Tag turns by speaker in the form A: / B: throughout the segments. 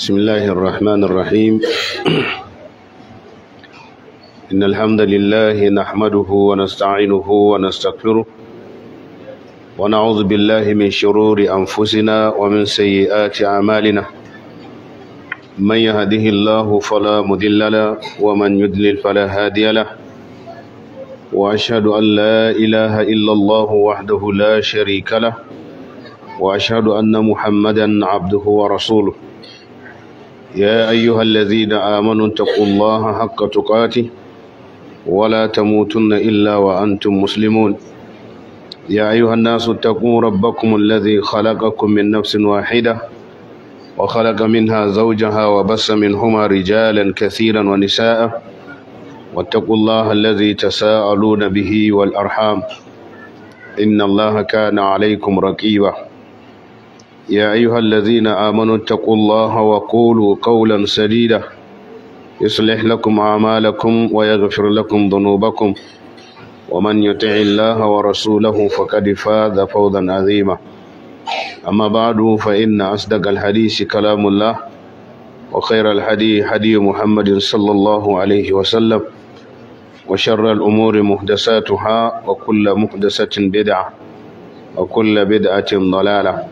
A: بسم الله الرحمن الرحيم إن الحمد لله نحمده ونستعينه ونستغفره ونعوذ بالله من شرور أنفسنا ومن سيئات أعمالنا من يهده الله فلا مضل له ومن يضلل فلا هادي له واشهد ان لا اله الا الله وحده لا شريك له واشهد ان محمدا عبده ورسوله يا أيها الذين آمنوا اتقوا الله حق تقاته ولا تموتن إلا وأنتم مسلمون يا أيها الناس اتقوا ربكم الذي خلقكم من نفس واحدة وخلق منها زوجها وبس منهما رجالا كثيرا ونساء واتقوا الله الذي تساءلون به والأرحام إن الله كان عليكم رقيباً يا أيها الذين آمنوا اتقوا الله وقولوا قولا سديدا يصلح لكم أعمالكم ويغفر لكم ذنوبكم ومن يطع الله ورسوله فقد فاز فوزا عظيما أما بعد فإن أصدق الحديث كلام الله وخير الهدي هدي محمد صلى الله عليه وسلم وشر الأمور محدثاتها وكل محدثة بدعة وكل بدعة ضلالة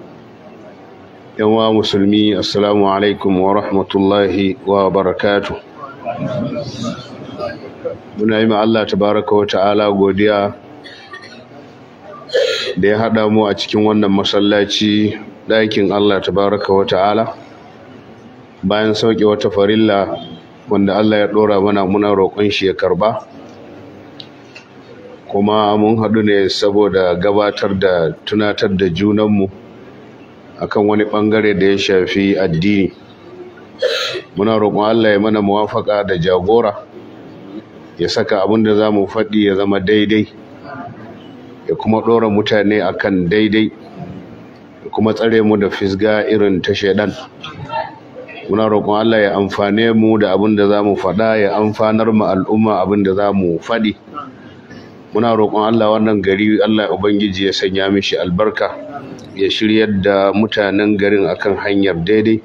A: yanwa musulmi assalamu alaikum wa rahmatullahi wa barakatu muna yi Allah tabaraka wa ta'ala godiya da ya haɗa mu a cikin wannan masallaci ɗakin Allah tabaraka wa ta'ala bayan sauƙi wata farilla wanda Allah ya ɗora mana muna roƙon shi ya karba kuma mun haɗu ne saboda gabatar da tunatar da junanmu akan wani bangare da ya shafi addini muna roƙon Allah ya mana muwafaka da jagora ya saka abin da za mu faɗi ya zama daidai ya kuma ɗora mutane akan daidai ya kuma tsare mu da fisga irin ta shaidan muna roƙon Allah ya amfane mu da abin da za mu faɗa ya amfanar mu al'umma abin da za mu faɗi muna roƙon Allah wannan gari Allah Ubangiji ya sanya mishi albarka ya shiryar da mutanen garin akan hanyar daidai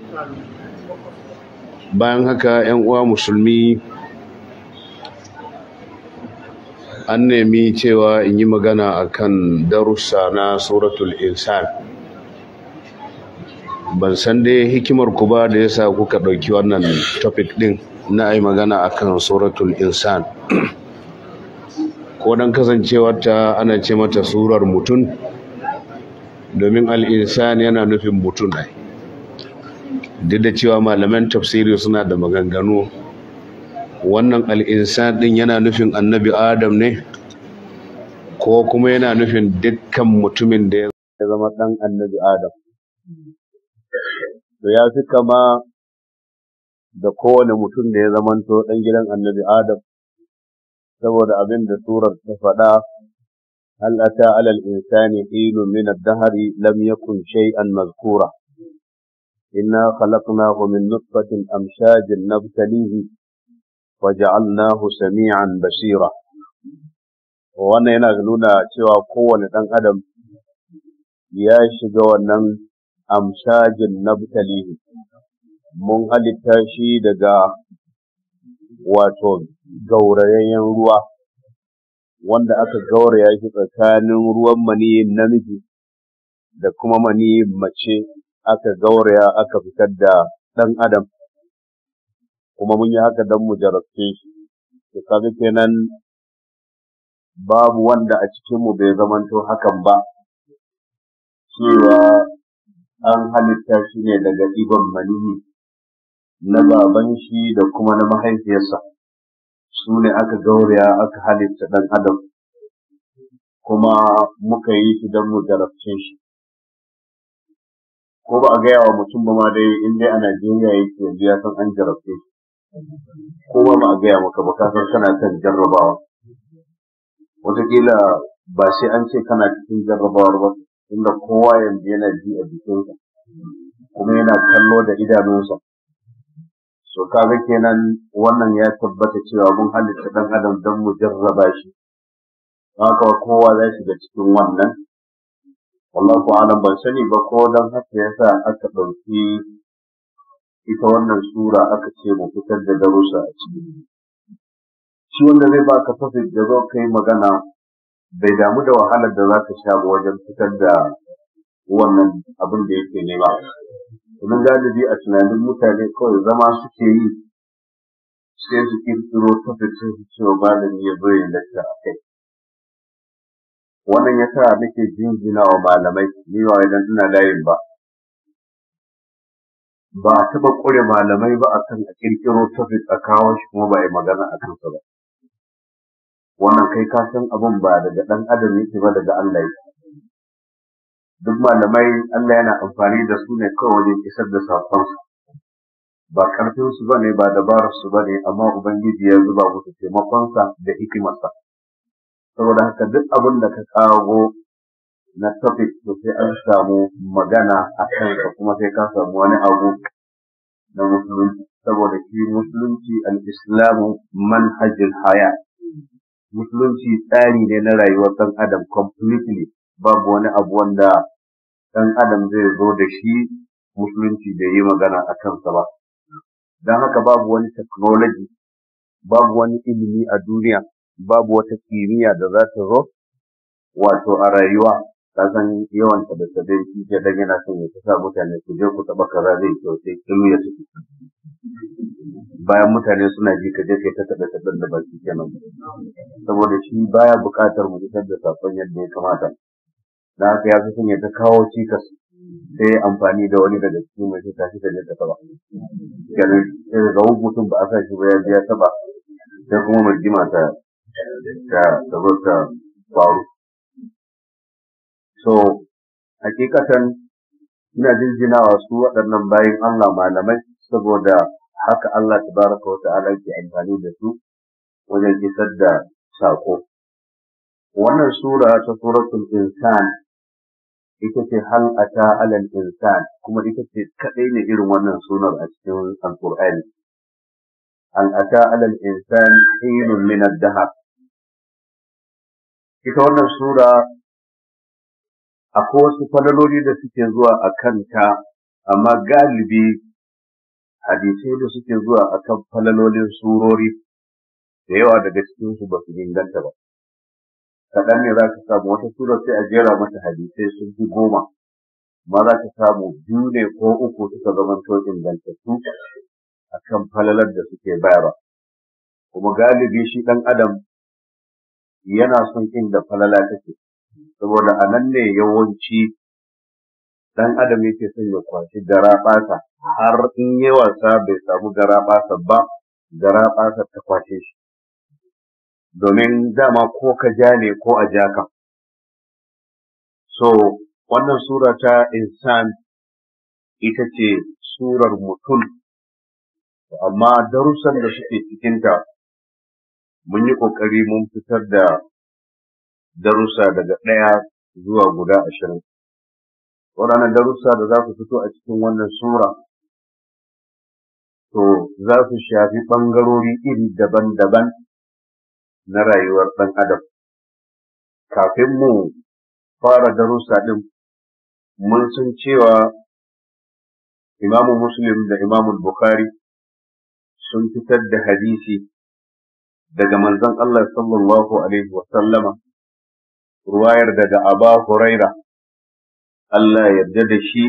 A: bayan haka 'yan uwa musulmi an nemi cewa in yi magana akan darussa na suratul insan ban san dai hikimar ku ba da yasa kuka ɗauki wannan topic ɗin na yi magana akan suratul insan ko kasancewar kasancewarta ana ce mata surar mutum domin al'insan yana nufin mutum duk da cewa malaman tafsiri suna da maganganu wannan al'insan din yana nufin annabi adam ne ko kuma yana nufin dukkan mutumin da ya zama dan annabi adam
B: to ya fi kama da kowane mutum da ya zamanto dan gidan annabi adam saboda abin da surar ta faɗa hal ata alal insani hilun min ad lam yakun shay'an mazkura inna khalaqnahu min nutfatin amshajin nabtalihi waja'alnahu sami'an basira wannan yana nuna cewa kowane ɗan adam ya shiga wannan amshajin nabtalihi mun halitta shi daga wato gaurayayyen ruwa wanda aka gauraya shi tsakanin ruwan maniyin namiji da kuma maniyin mace aka gauraya aka fitar da ɗan adam kuma mun yi haka don mu jarabce shi to kaga kenan babu wanda a cikinmu bai zamanto hakan ba cewa an halitta shi ne daga ɗiban maniyi na baban shi da kuma na mahaifiyarsa su ne aka gauraya aka halitta ɗan adam kuma muka yi shi don mu jarabce shi ko ba a gaya wa mutum ba ma dai in dai a Najeriya yake yanzu ya san an jarabce shi ko ba ma a gaya maka ba ka san kana kan jarrabawa wataƙila ba sai an ce kana cikin jarrabawar ba inda kowa yanzu yana ji a jikinsa kuma yana kallo da idanunsa so kaga kenan wannan ya tabbata cewa mun halitta dan adam dan mu jarraba shi haka kowa za shi ga cikin wannan ku alam ban sani ba ko dan haka yasa aka ɗauki ita wannan sura aka ce mu fitar da darussa a cikin shi wanda zai ba ka topic da zo kai magana bai damu da wahalar da za ka sha wajen fitar da wannan abin da yake nema domin galibi a tunanin mutane kawai zama suke yi sai su kirkiro tabbacin cewa malami ya zo ya lakta a kai wannan ya sa nake jinjina wa malamai ni ba idan ina layin ba ba a taɓa ƙure malamai ba a kan a kirkiro topic a kawo shi kuma ba a yi magana a kansa ba wannan kai ka san abin ba daga ɗan adam yake ba daga Allah yake duk malamai Allah yana amfani da su ne kawai wajen isar da saƙonsa ba karfin su ne ba dabararsu ba ne amma Ubangiji ya zuba musu taimakonsa da hikimarsa saboda haka duk abin da ka kawo na topic to sai an samu magana a ka kuma sai ka samu wani abu na musulunci saboda shi musulunci al-islamu manhajul haya musulunci tsari ne na rayuwar dan adam completely babu wani abu wanda dan adam zai zo da shi musulunci bai yi magana a kansa ba don haka babu wani technology babu wani ilimi a duniya babu wata kimiyya da za ta zo wato a rayuwa ka san yawan da sabbin shi ke dan yana son ya sa mutane su je ku taba kaza zai kyau sai kimiyya su bayan mutane suna ji ka je kai ta taɓa taɓa da baki kenan saboda shi baya bukatar mu isar da safan yadda ya kamata da haka ya fi ya ta kawo cikas sai amfani da wani daga cikin mai ta shi da ta taba kenan sai ga mutum ba a sa shi ba ya biya taba sai kuma mai jima ta ta zo ta faru so hakikatan ina jinjinawa su waɗannan bayan Allah malamai saboda haka Allah ka wa ta'ala ke amfani da su wajen isar da saƙo? wannan sura ta suratun insan ita ce hal ata alal insan kuma ita ce kadai ne irin wannan sunar a cikin alqur'ani hal ata alal insan hinun min ad-dahab ita wannan sura akwai wasu falaloli da suke zuwa a kanta amma galibi hadisai da suke zuwa akan falalolin surori da yawa daga cikinsu ba su inganta ba kaɗan ne za ka samu wata sura sai a jera mata hadisai sun fi goma ma za ka samu biyu ne ko uku suka zama to ingantattu a kan falalar da suke bayarwa kuma galibi shi ɗan adam yana son inda falala take saboda a nan ne yawanci ɗan adam yake son ya kwashi garaɓasa, har in yi wasa bai samu gara ba gara ta kwashe shi domin dama ko ka ja ne ko a ja ka so wannan sura ta insan ita ce surar mutum amma darussan da suke cikinta mun yi ƙoƙari mun fitar da darussa daga ɗaya zuwa guda ashirin waɗannan darussa da za ku fito a cikin wannan sura to za su shafi ɓangarori iri daban-daban na rayuwar ɗan adam kafin mu fara darussa ɗin mun san cewa imamu muslim da imamu bukhari sun fitar da hadisi daga manzon Allah sallallahu alaihi wasallama ruwayar daga aba huraira Allah yarda da shi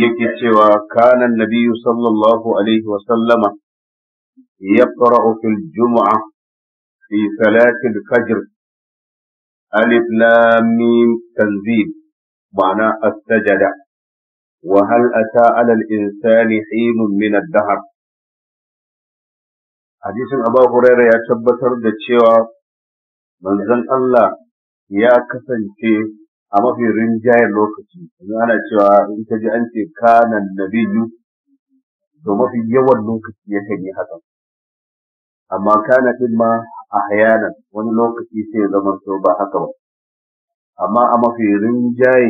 B: yake cewa kanan nabiyu sallallahu alaihi wasallama يقرأ في الجمعة في صلاة الفجر ألف لام ميم تنزيل معنى السجدة وهل أتى على الإنسان حين من الدهر حديث أبا هريرة يتبتر دتشيوا من زن الله يا كسنتي a mafi rinjayen lokaci yanzu ana cewa in ta ji an ce kanan nabiyu to mafi yawan lokaci yakan yi hakan amma kana din ma ahyanan wani lokaci sai ya zama to ba haka ba amma a mafi rinjaye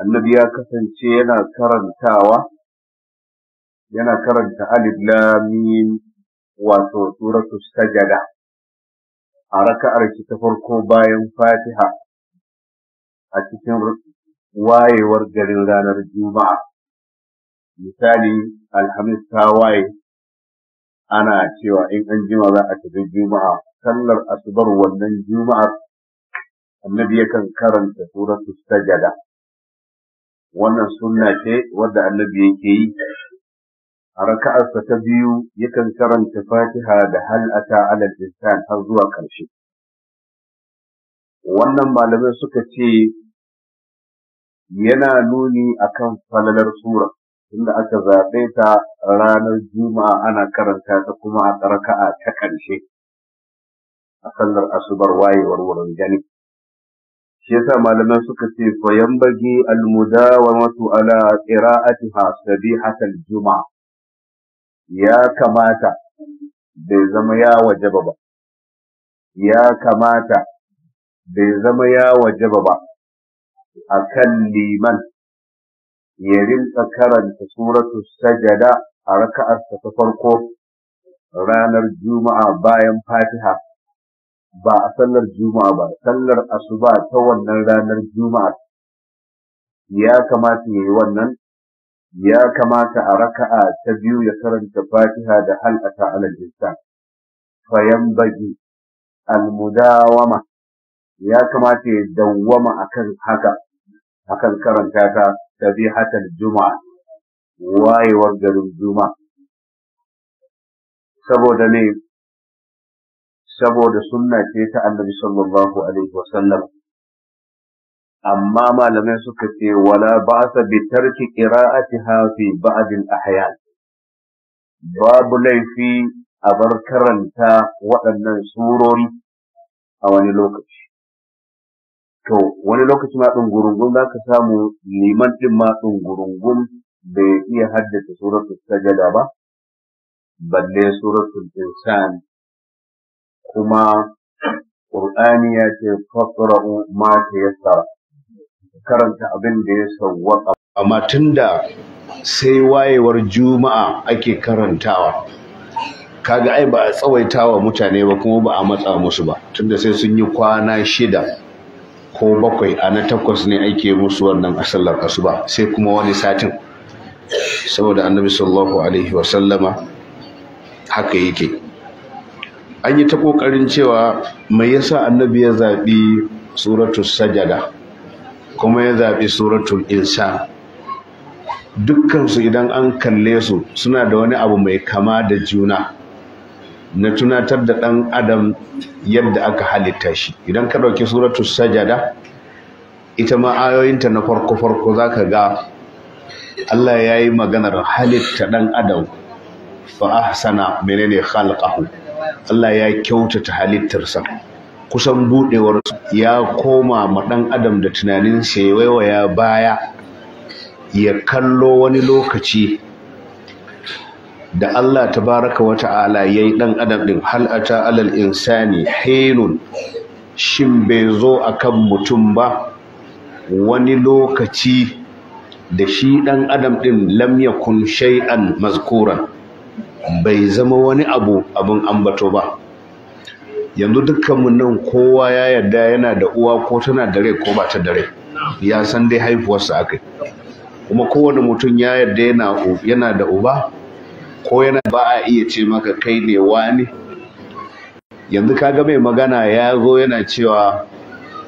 B: annabi ya kasance yana karantawa yana karanta alif lam mim wato suratu sajada a raka'ar shi ta farko bayan fatiha a cikin wayewar garin ranar juma'a misali alhamis ta waye ana cewa in an jima za a tafi juma'a sallar asubar wannan juma'ar annabi yakan karanta suratu sajada wannan sunna ce wadda annabi yake yi a raka'arsa ta biyu yakan karanta fatiha da hal ata alal insan har zuwa ƙarshe wannan malamai suka ce yana nuni akan falalar surar tunda aka zaɓe ta ranar juma'a ana karanta ta kuma a tsarka'a ta ƙarshe a sallar asubar wayewar wurin gani shi yasa malamai suka ce fa yambagi almudawamatu ala qira'atiha sabihatal juma'a ya kamata bai zama ya wajaba ba ya kamata bai zama ya wajaba ba kan liman ya rinka karanta suratu sajada a raka'arsa ta farko ranar juma'a bayan fatiha ba a sallar juma'a ba sallar asuba ta wannan ranar juma'a ya kamata ya yi wannan ya kamata a raka'a ta biyu ya karanta fatiha da hal'ata alal Fayan fayambagi almudawama ya kamata ya dawwama akan haka akan karanta ta hakan juma'a wayewar garin juma'a saboda ne saboda sunna ce ta annabi sallallahu alaihi wasallam amma malamai suka ce wala ba'sa bi tarki qira'atiha fi ba'd al-ahyan babu laifi a bar karanta waɗannan surori a wani lokaci to wani lokaci ma ɗungurungun za ka samu liman ɗin ma ɗungurungun bai iya haddasa ta sajada ba balle suratul insan kuma ƙur'ani ya ce
A: fasara'u ma yasa karanta abin da ya sawwaka amma da sai wayewar juma'a ake karantawa kaga ai ba a tsawaita wa mutane ba kuma ba a matsa musu ba tunda sai sun yi kwana shida ko bakwai a na takwas ne ake musu wannan a sallar asuba sai kuma wani satin saboda annabi sallallahu alaihi wasallama haka yake an yi ta kokarin cewa mai yasa annabi ya zaɓi suratu sajada kuma ya zaɓi suratul insa dukkansu idan an kalle su suna da wani abu mai kama da juna na tunatar da ɗan adam yadda aka halitta shi idan ka ɗauki suratu sajada ita ma ayoyinta na farko-farko za ka ga Allah ya yi maganar halitta ɗan adam fa'ahsana menene halƙahu Allah ya kyautata halittarsa kusan buɗewar ya koma ma ɗan adam da tunanin ya waiwaya baya ya kallo wani lokaci da Allah tabaraka wa ta'ala yi ɗan adam ɗin halata alal insani henun. shin bai zo a kan mutum ba wani lokaci da shi ɗan adam ɗin lamya kun shai'an mazkuran bai zama wani abu abin ambato ba yanzu dukkanmu nan kowa ya yarda yana da uwa ko tana da rai ko ba ta da rai ya san dai haifuwarsa akai kuma kowane mutum ya yarda yana da uba ko yana ba a iya ce maka kai ne wani yanzu kaga mai magana ya zo yana cewa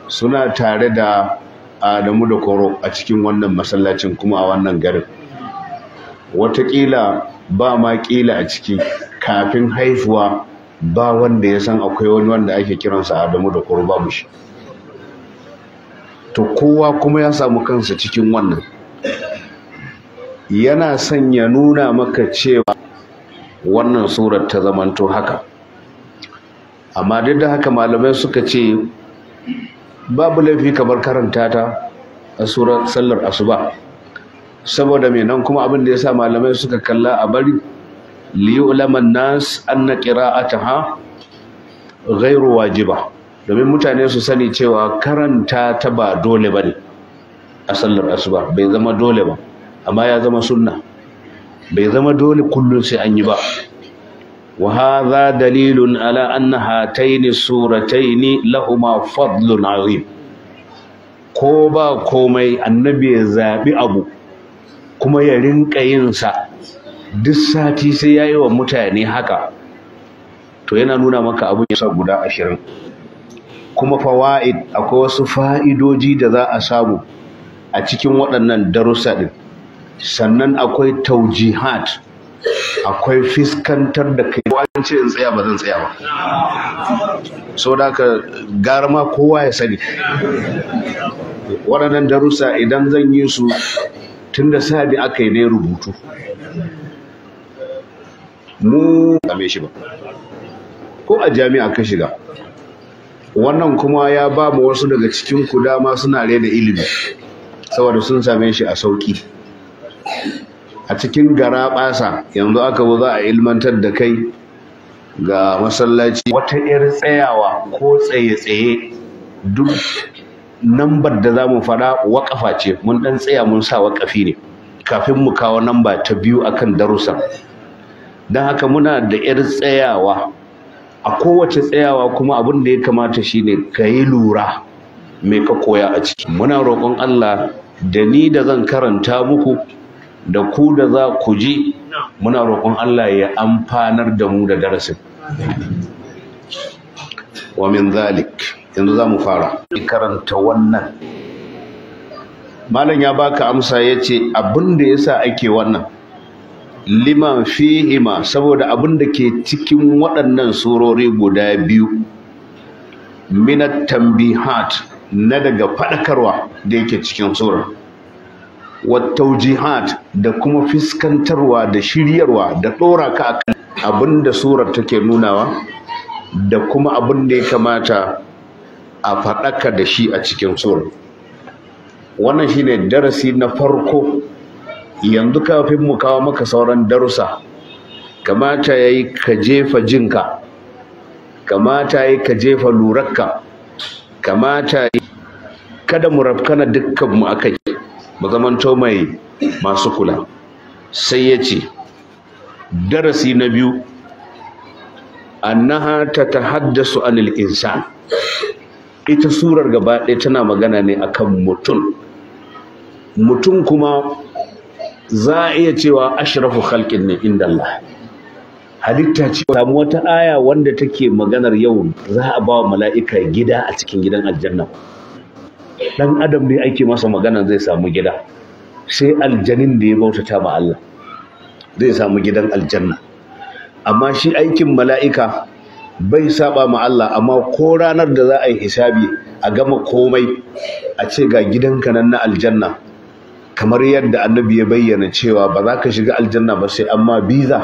A: suna tare da adamu da koro a cikin wannan masallacin kuma a wannan garin watakila ba ma kila a ciki kafin haifuwa ba wanda ya san akwai wani wanda ake kiransa adamu da koro ba mu shi. to kowa kuma ya samu kansa cikin wannan yana son ya nuna maka cewa wannan surar ta zamanto haka amma duk da haka malamai suka ce babu laifi kamar karanta ta a surar sallar asuba saboda mai nan kuma abin da ya sa malamai suka kalla a bari ulaman nas anna qira'ataha ghairu ba. domin mutane su sani cewa karanta ta ba dole bane a sallar asuba bai zama dole ba amma ya zama sunna bai zama dole kullum sai an yi ba wa hadha dalilun ala anna hataini surataini lahuma fadlun azim ko ba komai annabi ya zabi abu kuma ya rinka yin sa duk sati sai yayi wa mutane haka to yana nuna maka abun yasa guda ashirin kuma fawaid akwai wasu fa'idoji da za a samu a cikin waɗannan darussa din sannan akwai taujihat akwai fiskantar da kai an ce in tsaya ba zan tsaya ba so da ka gara kowa ya sani waɗannan darussa idan zan yi su tun da sabi aka yi ne rubutu mu kame shi ba ko a jami'a ka shiga wannan kuma ya ba mu wasu daga cikin ku dama suna rena ilimi saboda sun same shi a sauki a cikin gara basa yanzu aka bu za a ilmantar da kai ga masallaci wata yar tsayawa ko tsaye-tsaye duk nambar da za mu faɗa waƙafa ce mun ɗan tsaya mun sa waƙafi ne kafin mu kawo namba ta biyu akan darussan don haka muna da yar tsayawa a kowace tsayawa kuma abin da ya kamata shine ka yi lura mai ka koya a ciki muna roƙon Allah da ni da zan karanta muku da ku da za ku ji muna roƙon Allah ya amfanar da mu da darasin wa min zalik yanzu za mu fara karanta wannan malam ya baka amsa ya ce abin da ya sa ake wannan lima fihima saboda abin da ke cikin waɗannan surori guda biyu minat tambihat na daga faɗakarwa da yake cikin surar Wata wattaujihat da kuma fiskantarwa da shiryarwa da ɗora ka akan abin da surar take nunawa da kuma abin da ya kamata a faɗaka da shi a cikin surar wannan shine darasi na farko yanzu kafin mu kawo maka sauran darussa kamata ya yi ka jefa jinka kamata ya yi ka jefa lurarka kamata ya yi kada mu rafkana dukkanmu a kai mu mai masu kula sai ya ce darasi na biyu annaha haddasu anil insan ita surar gaba ɗaya tana magana ne akan mutum mutum kuma za a iya cewa ashirafu halkin ne inda Allah halitta ce samu wata aya wanda take maganar yau za a ba wa mala'ika gida a cikin gidan aljanna dan adam ne ake masa magana zai samu gida sai aljanin da ya bautata ma Allah zai samu gidan aljanna amma shi aikin mala'ika bai saba ma Allah amma ko ranar da za a yi hisabi a gama komai a ce ga gidanka nan na aljanna kamar yadda annabi ya bayyana cewa ba za ka shiga aljanna ba sai amma biza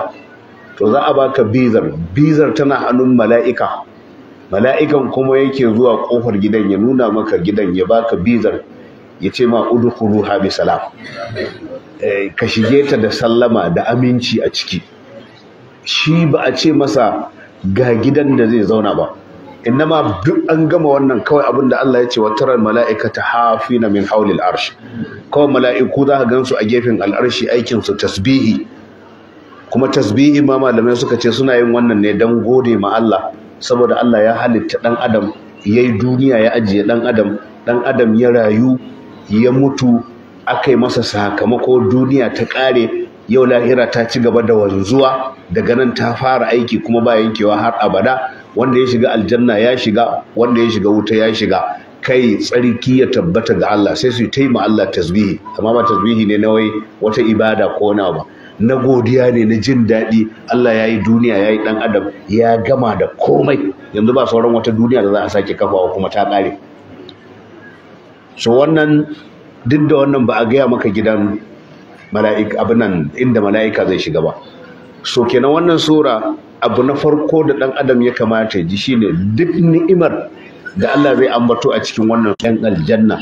A: to za a baka bizar bizar tana hannun mala'ika mala'ikan kuma yake zuwa kofar gidan ya nuna maka gidan ya baka bizar ya ce ma udukuru ha bi salam eh, ka shige ta da sallama da aminci a ciki shi ba a ce masa ga gidan da zai zauna ba innama duk an gama wannan kawai abin da Allah ya ce wataran hafi na min haulil arshi kawai mala'iku za ka gansu a gefen al'arshi aikin su tasbihi kuma tasbihi ma malamai suka ce suna yin wannan ne don gode ma Allah saboda Allah ya halitta ɗan adam ya yi duniya ya ajiye ɗan adam ɗan adam ya rayu ya mutu aka yi masa sakamako duniya ta ƙare yau lahira ta ci gaba da wanzuwa daga nan ta fara aiki kuma ba yankewa har abada wanda ya shiga aljanna ya shiga wanda ya shiga wuta ya shiga kai tsarki ya tabbata ga Allah sai su yi taima Allah tasbihi amma ba tasbihi ne na wai wata ibada ko na ba na godiya ne na jin daɗi Allah ya yi duniya ya yi ɗan adam ya gama da komai yanzu ba sauran wata duniya da za a sake kafawa kuma ta ƙare so wannan duk da wannan ba a gaya maka gidan mala'ika abin nan inda mala'ika zai shiga ba so kenan wannan sura abu na farko da ɗan adam ya kamata ya ji shine duk ni'imar da Allah zai ambato a cikin wannan yan aljanna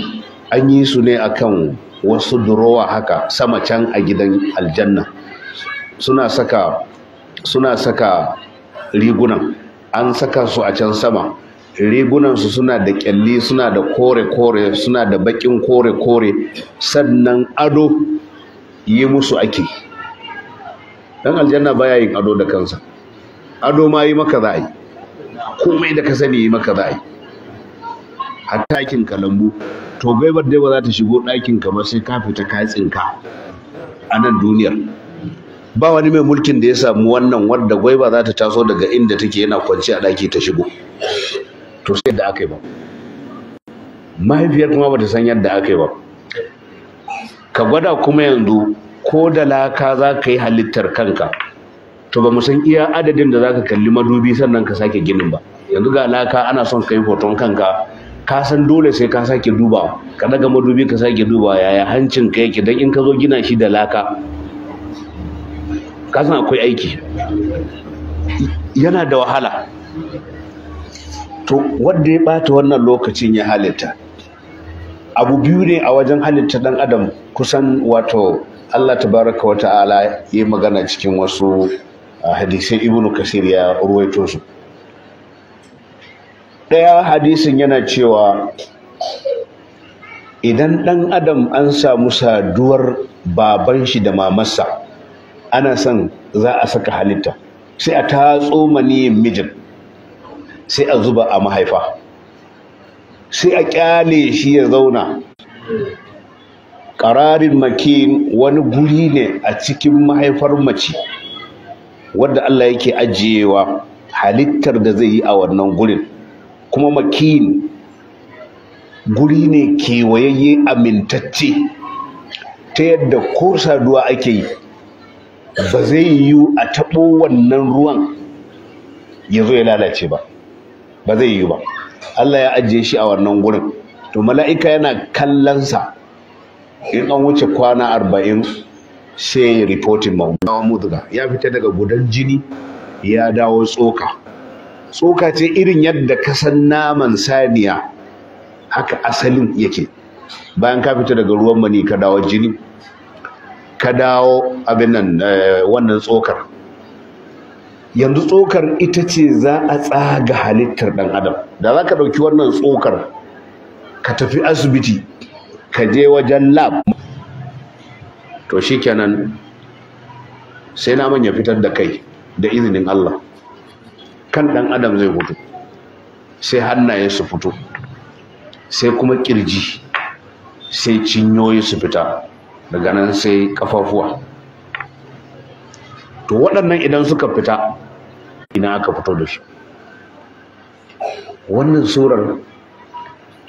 A: an yi su ne akan wasu durowa haka sama can a gidan aljanna suna saka suna saka rigunan an saka su a can sama Rigunan su suna da kyalli suna da kore-kore suna da bakin kore-kore sannan ado yi musu ake dan aljanna baya yin ado da kansa ado ma yi maka za'a komai da ka sani yi maka za'a yi hatta aikin ka to gaibar dai ba za ta shigo ɗakin ka ba sai ka fita ka tsinka a nan duniyar ba wani mai mulkin da ya samu wannan wadda gwaiba za ta taso daga inda take yana kwanci a ɗaki ta shigo to sai yadda aka yi ba mahaifiyar kuma ba ta san yadda aka yi ba ka gwada kuma yanzu ko da laka za ka yi halittar kanka to ba mu san iya adadin da za ka kalli madubi sannan ka sake ginin ba yanzu ga laka ana son ka yi hoton kanka ka san dole sai ka sake duba ka daga madubi ka sake duba yaya hancin ka yake don in ka zo gina shi da laka kasan akwai aiki yana da wahala to wanda ya bata wannan lokacin ya halitta abu biyu ne a wajen halitta dan adam kusan wato Allah tabaraka wa ta'ala ya yi magana cikin wasu hadisai ibnu kasir ya ruwaito su ɗaya hadisin yana cewa idan ɗan adam an samu saduwar baban shi da mamarsa ana son za a saka halitta sai a tatso maniyin mijin sai a zuba a mahaifa sai a kyale shi ya zauna ƙararin makin wani guri ne a cikin mahaifar mace wadda Allah yake ajiyewa halittar da zai yi a wannan gurin kuma makin guri ne kewayayye amintacce ta yadda ko saduwa ake yi ba zai yiwu a taɓo wannan ruwan ya zo ya lalace ba ba zai yiwu ba Allah ya ajiye shi a wannan gurin to mala'ika yana kallonsa in an wuce kwana arba'in sai ya reporting dawo mutuka ya fita daga gudan jini ya dawo tsoka tsoka ce irin yadda kasan naman saniya haka asalin yake bayan ka fita daga ruwan mani ka dawo jini ka dawo abin nan eh, wannan tsokar yanzu tsokar ita ce za a tsaga halittar ɗan adam da za ka ɗauki wannan tsokar ka tafi asibiti ka je wajen lab to kenan, sai naman ya fitar da kai da izinin Allah kan ɗan adam zai fito sai hannaye su fito sai kuma kirji sai cinyoyi su fita daga nan sai kafafuwa to waɗannan idan suka fita ina aka fito da shi wannan surar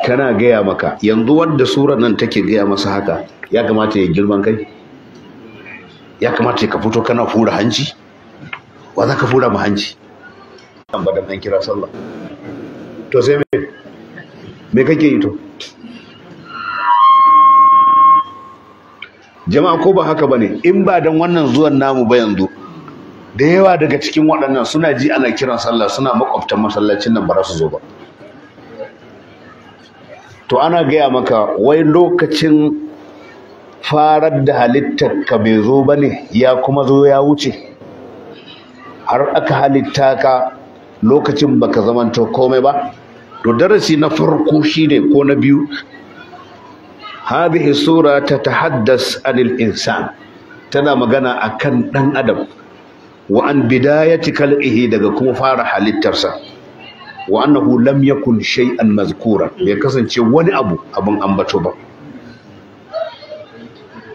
A: tana gaya maka yanzu wadda surar nan take gaya masa haka ya kamata ya girman kai ya kamata ka fito kana fura hanci wa za ka fura ma hanci an badan kira sallah to sai me me kake yi to jama'a ko ba haka bane in ba dan wannan zuwan namu ba yanzu da yawa daga cikin waɗannan suna ji ana kiran sallah suna makwabtan masallacin nan ba su zo ba to ana gaya maka wai lokacin farar da halittar ka bai zo ba ne ya kuma zo ya wuce har aka halitta ka lokacin baka zamanta komai ba to darasi na farko shine ko na biyu hadhihi sura tatahaddas anil insan tana magana akan dan adam wa an bidayati khalqihi daga kuma fara halittarsa wa annahu lam yakun shay'an mazkura bai kasance wani abu abin ambato ba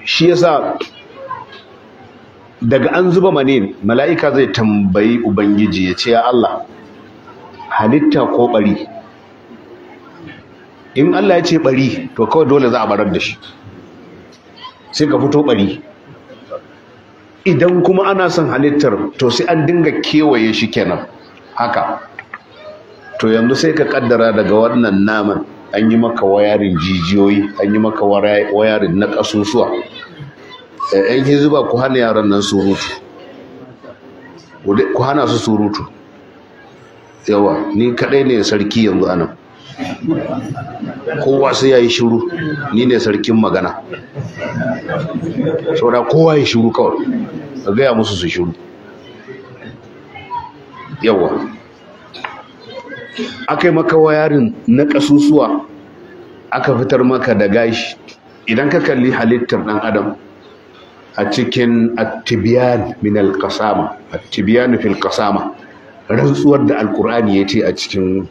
A: shi yasa daga an zuba mani mala'ika zai tambayi ubangiji ya ce ya Allah halitta ko bari in Allah ya ce bari to kawai dole za a barar da shi sai ka fito bari idan kuma ana son halittar to sai an dinga kewaye shi kenan haka to yanzu sai ka kaddara daga wannan naman an yi maka wayarin jijiyoyi an yi maka wayarin na ƙasusuwa yan eh, yi zuba ku hana yaran nan surutu ku hana su surutu yawa ni kaɗai ne sarki yanzu anan kowa sai ya yi shiru ni ne sarkin magana saboda kowa ya shiru kawai ka gaya musu su shiru yawa aka yi maka wayarin na ƙasusuwa aka fitar maka da gashi idan ka kalli halittar ɗan adam a cikin attibiyan min alƙasama attibiyan fil ƙasama rantsuwar da alƙur'ani ya ce a cikin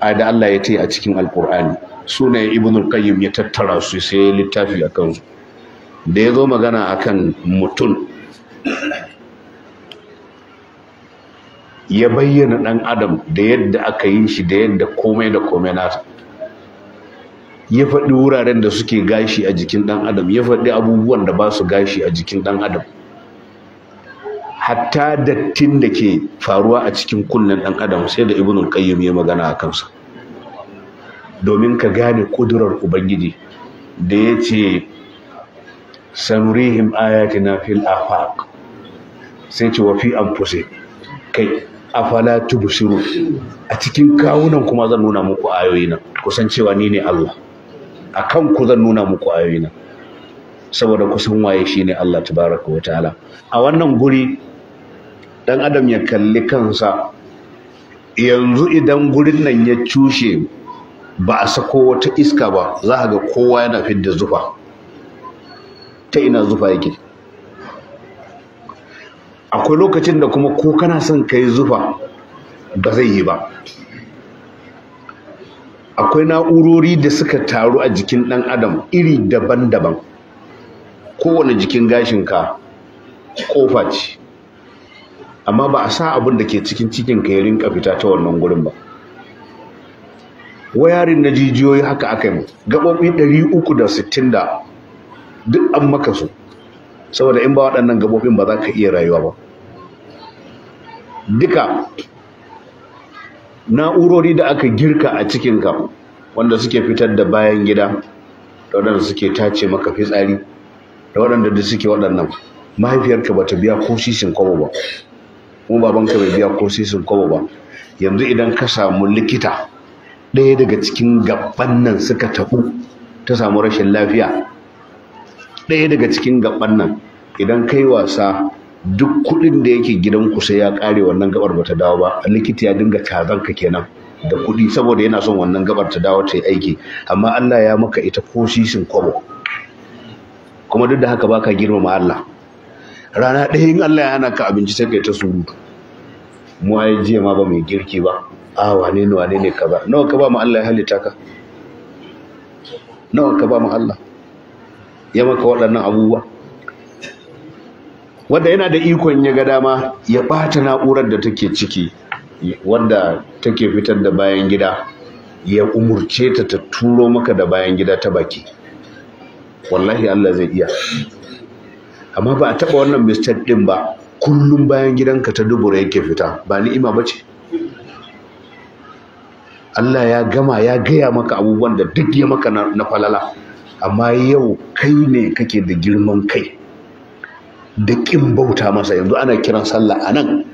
A: a da Allah ya ce a cikin alkur'ani sunayen ibnul qayyim ya tattara su sai ya littafi a kansu da ya zo magana akan mutum ya bayyana ɗan adam da yadda aka yi shi da yadda komai da komai nata. ya faɗi wuraren da suke gashi a jikin ɗan adam ya faɗi abubuwan da ba su gashi a jikin ɗan adam hatta dattin da ke faruwa a cikin kunnen ɗan adam sai da ibn qayyim ya magana a kansa domin ka gane kudurar ubangiji da ya ce samrihim ayatina fil afaq sai ce wa fi fushe. kai afala tubsiru a cikin kawunan kuma zan nuna muku ayoyi nan. kusan cewa ni ne Allah A kan ku zan nuna muku ayoyi nan. saboda kusan waye shine Allah tabaraka wa ta'ala a wannan guri dan adam ya kalli kansa yanzu idan gurin nan ya cushe ba a sako wata iska ba za ka ga kowa yana fidda zufa ta ina zufa yake akwai lokacin da kuma ko kana son ka yi zufa ba zai yi ba akwai na'urori da suka taru a jikin ɗan adam iri daban-daban kowane jikin gashinka ƙofa ce amma ba a sa abin da ke cikin cikin ka ya rinka fita ta wannan gurin ba wayarin na jijiyoyi haka aka yi gaɓoɓi 360 da duk an maka su saboda in ba waɗannan gaɓoɓin ba za ka iya rayuwa ba duka na'urori da aka girka a cikinka wanda suke fitar da bayan gida da waɗanda suke tace maka fitsari da waɗanda da suke waɗannan mahaifiyarka ba ta biya ko shishin kwabo ba kuma babanka bai biya ko sisin kwabo ba yanzu idan ka samu likita ɗaya daga cikin gaban nan suka tabu ta samu rashin lafiya ɗaya daga cikin gaban nan idan ka yi wasa duk kuɗin da yake gidanku sai ya ƙare wannan gabar bata dawo ba likita ya dinga tazan ka kenan da kuɗi saboda yana son wannan gabar ta dawo ta yi aiki amma Allah ya maka ita ko sisin kwabo kuma duk da haka baka girmama Allah rana ɗaya in Allah ya hana ka abinci sai kai ta surutu mu ai jiya ma ba mai girki ba a wane ne wane ne kaza nawa ka ba mu Allah ya halitta ka nawa ka ba mu Allah ya maka waɗannan abubuwa wanda yana da ikon ya ga dama ya ɓata na'urar da take ciki wanda take fitar da bayan gida ya umurce ta ta turo maka da bayan gida ta baki wallahi Allah zai iya amma ba a taba wannan mistake ɗin ba kullum bayan gidanka ta dubura yake fita ba ni'ima ba ce Allah ya gama ya gaya maka abubuwan da duk ya maka na falala amma yau kai ne kake da girman kai da ƙin bauta masa yanzu ana kiran sallah a nan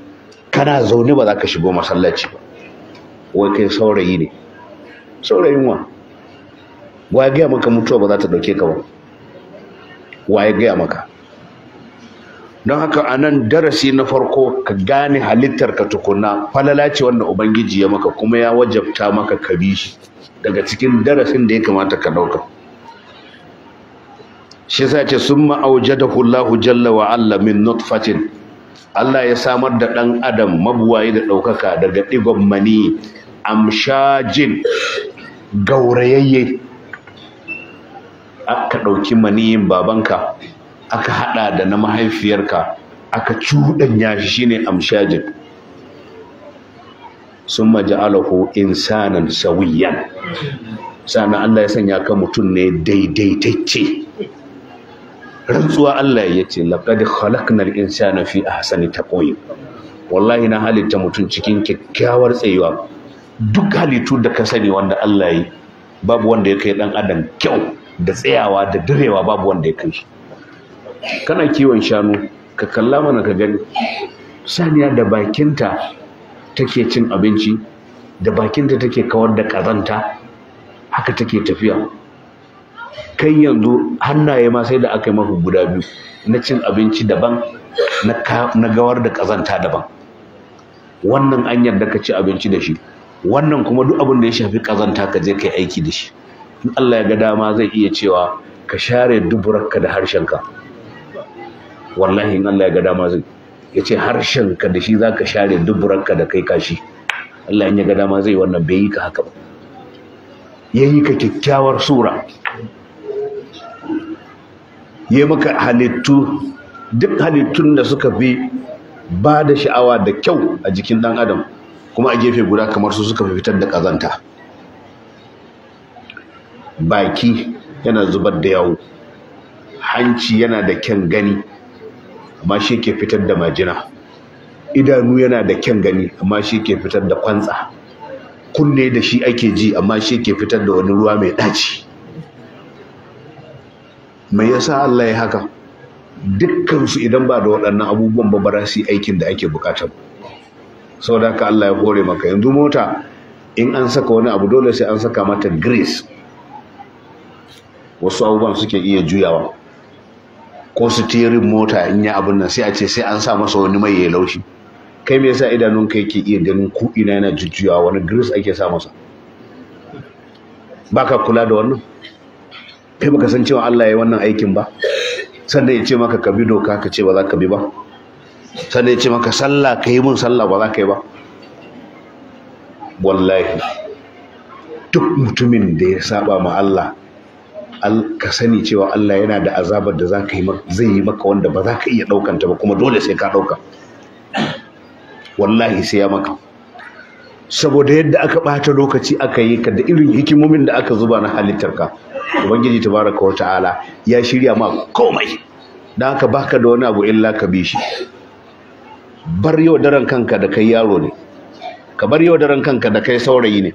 A: kana zaune ba za ka shigo masallaci ba wai kai saurayi ne saurayin wa wa ya gaya maka mutuwa ba za ta ɗauke ka ba wa ya gaya maka don haka a nan darasi na farko ka gane halittar ka tukuna falala ce wanda ubangiji ya maka kuma ya wajabta maka ka bi shi daga cikin darasin da ya kamata ka ɗauka shi sa ce sun da Hullahu jalla wa alla min nutfatin Allah ya samar da ɗan adam mabuwayi da ɗaukaka daga ɗigon mani amshajin gaurayayye aka ɗauki maniyin babanka aka haɗa da na mahaifiyarka aka cuɗanya shi shine amshajin sun in insanan sawiyan sannan Allah ya sanya ka mutum ne daidaitacce rantsuwa Allah ya ce laqad khalaqnal insana fi ahsani taqwim wallahi na halitta mutum cikin kyakkyawar tsayuwa duk halittu da ka sani wanda Allah yi babu wanda ya kai ɗan adam kyau da tsayawa da direwa babu wanda ya kai shi kana kiwon shanu ka kalla mana ka gani saniya da bakinta take cin abinci da bakinta take kawar da ƙazanta haka take tafiya kai yanzu hannaye ma sai da aka yi maka guda biyu na cin abinci daban na gawar da ƙazanta daban wannan an yarda ka ci abinci da shi wannan kuma duk abin da ya shafi ƙazanta ka je ka yi aiki da shi in Allah ya ga dama zai iya cewa ka share duburarka da harshenka wallahi in Allah ya ga dama zai ya ce ka da shi zaka share duburanka da kai kashi Allah in ya ga dama zai wannan bai yi ka haka ba ya yi ka kyakkyawar sura ya maka halittu duk halittun da suka fi ba da sha'awa da kyau a jikin ɗan adam kuma a gefe guda kamar su suka fitar da kazanta. baki yana zubar da yawo hanci yana da kyan gani amma shi ke fitar da majina idanu yana da kyan gani amma shi ke fitar da kwantsa kunne da shi ake ji amma shi ke fitar da wani ruwa mai ɗaci mai yasa Allah ya haka dukkansu idan ba da waɗannan abubuwan ba bara su aikin da ake bukata ba saboda haka Allah ya kore maka yanzu mota in an saka wani abu dole sai an saka mata grease wasu abubuwan suke iya juyawa ko su tirin mota in yi abin nan sai a ce sai an sa masa wani mai ya laushi kai me yasa idanun kai yake iya ganin ku ina yana jujjuyawa wani gris ake sa masa baka kula da wannan kai baka san cewa Allah ya yi wannan aikin ba sannan ya ce maka ka bi doka ka ce ba za ka bi ba sannan ya ce maka sallah ka yi mun sallah ba za ka yi ba wallahi duk mutumin da ya saba ma Allah ka sani cewa Allah yana da azabar da zaka yi zai yi maka wanda ba za ka iya ɗaukanta ba kuma dole sai ka ɗauka wallahi sai ya maka saboda yadda aka ɓata lokaci aka yi ka da irin hikimomin da aka zuba na halittarka ubangiji tabaraka wa ta'ala ya shirya ma komai dan haka baka da wani abu illa ka bi shi bar yau daren kanka da kai yaro ne ka bar yau daren kanka da kai saurayi ne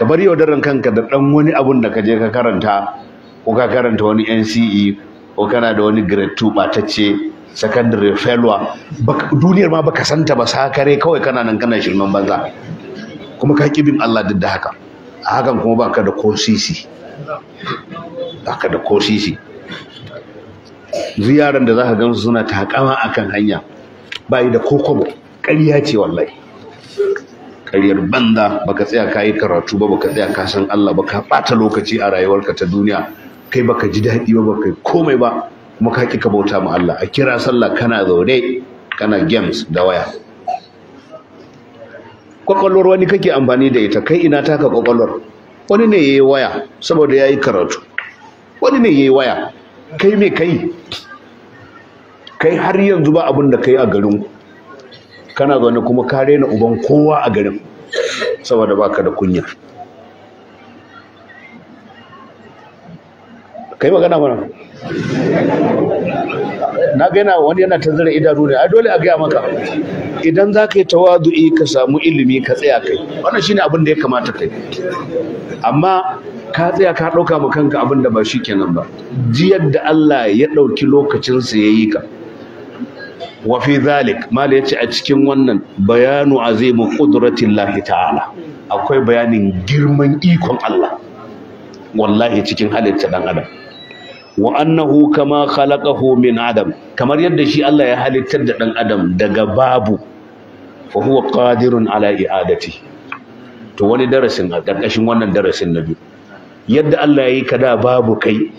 A: ka bar yau daren kanka da dan wani abun da ka je ka karanta ko ka karanta wani NCE ko kana da wani grade 2 batacce secondary failure duniyar ma baka santa ba sakare kawai kana nan kana shirman banza kuma ka kibin Allah duk da haka a hakan kuma baka da ko sisi baka da ko sisi ziyaran da zaka gamsu suna takama akan hanya bai da kokobo ƙarya ce wallahi ƙaryar banza baka tsaya kayi karatu ba baka tsaya ka san Allah ba ka ɓata lokaci a rayuwarka ta duniya kai baka ji daɗi ba baka komai ba kuma ka ƙi ka bauta ma Allah a kira sallah kana zaune kana games da waya kwakwalwar wani kake amfani da ita kai ina taka kwakwalwar wani ne yayi waya saboda yayi karatu wani ne yayi waya kai me kai kai har yanzu ba abin da kai a garin kana zaune kuma ka rena uban kowa a garin saboda baka da kunya kai magana mana na ga yana wani yana tanzara idanu ne a dole a gaya maka idan za ka yi tawadu'i ka samu ilimi ka tsaya kai wannan shine abin da ya kamata kai amma ka tsaya ka ɗauka ma kanka abin da ba shi kenan ba jiyar da Allah ya ɗauki lokacinsa ya yi ka wa fi zalik mala yace a cikin wannan bayanu azimu lahi ta'ala akwai bayanin girman ikon Allah wallahi cikin halitta dan adam wa annahu kama khalaqahu min adam kamar yadda shi Allah ya halittar da dan adam daga babu fa huwa qadirun ala i'adati to wani darasin a karkashin wannan darasin na biyu yadda Allah ya yi kada babu kai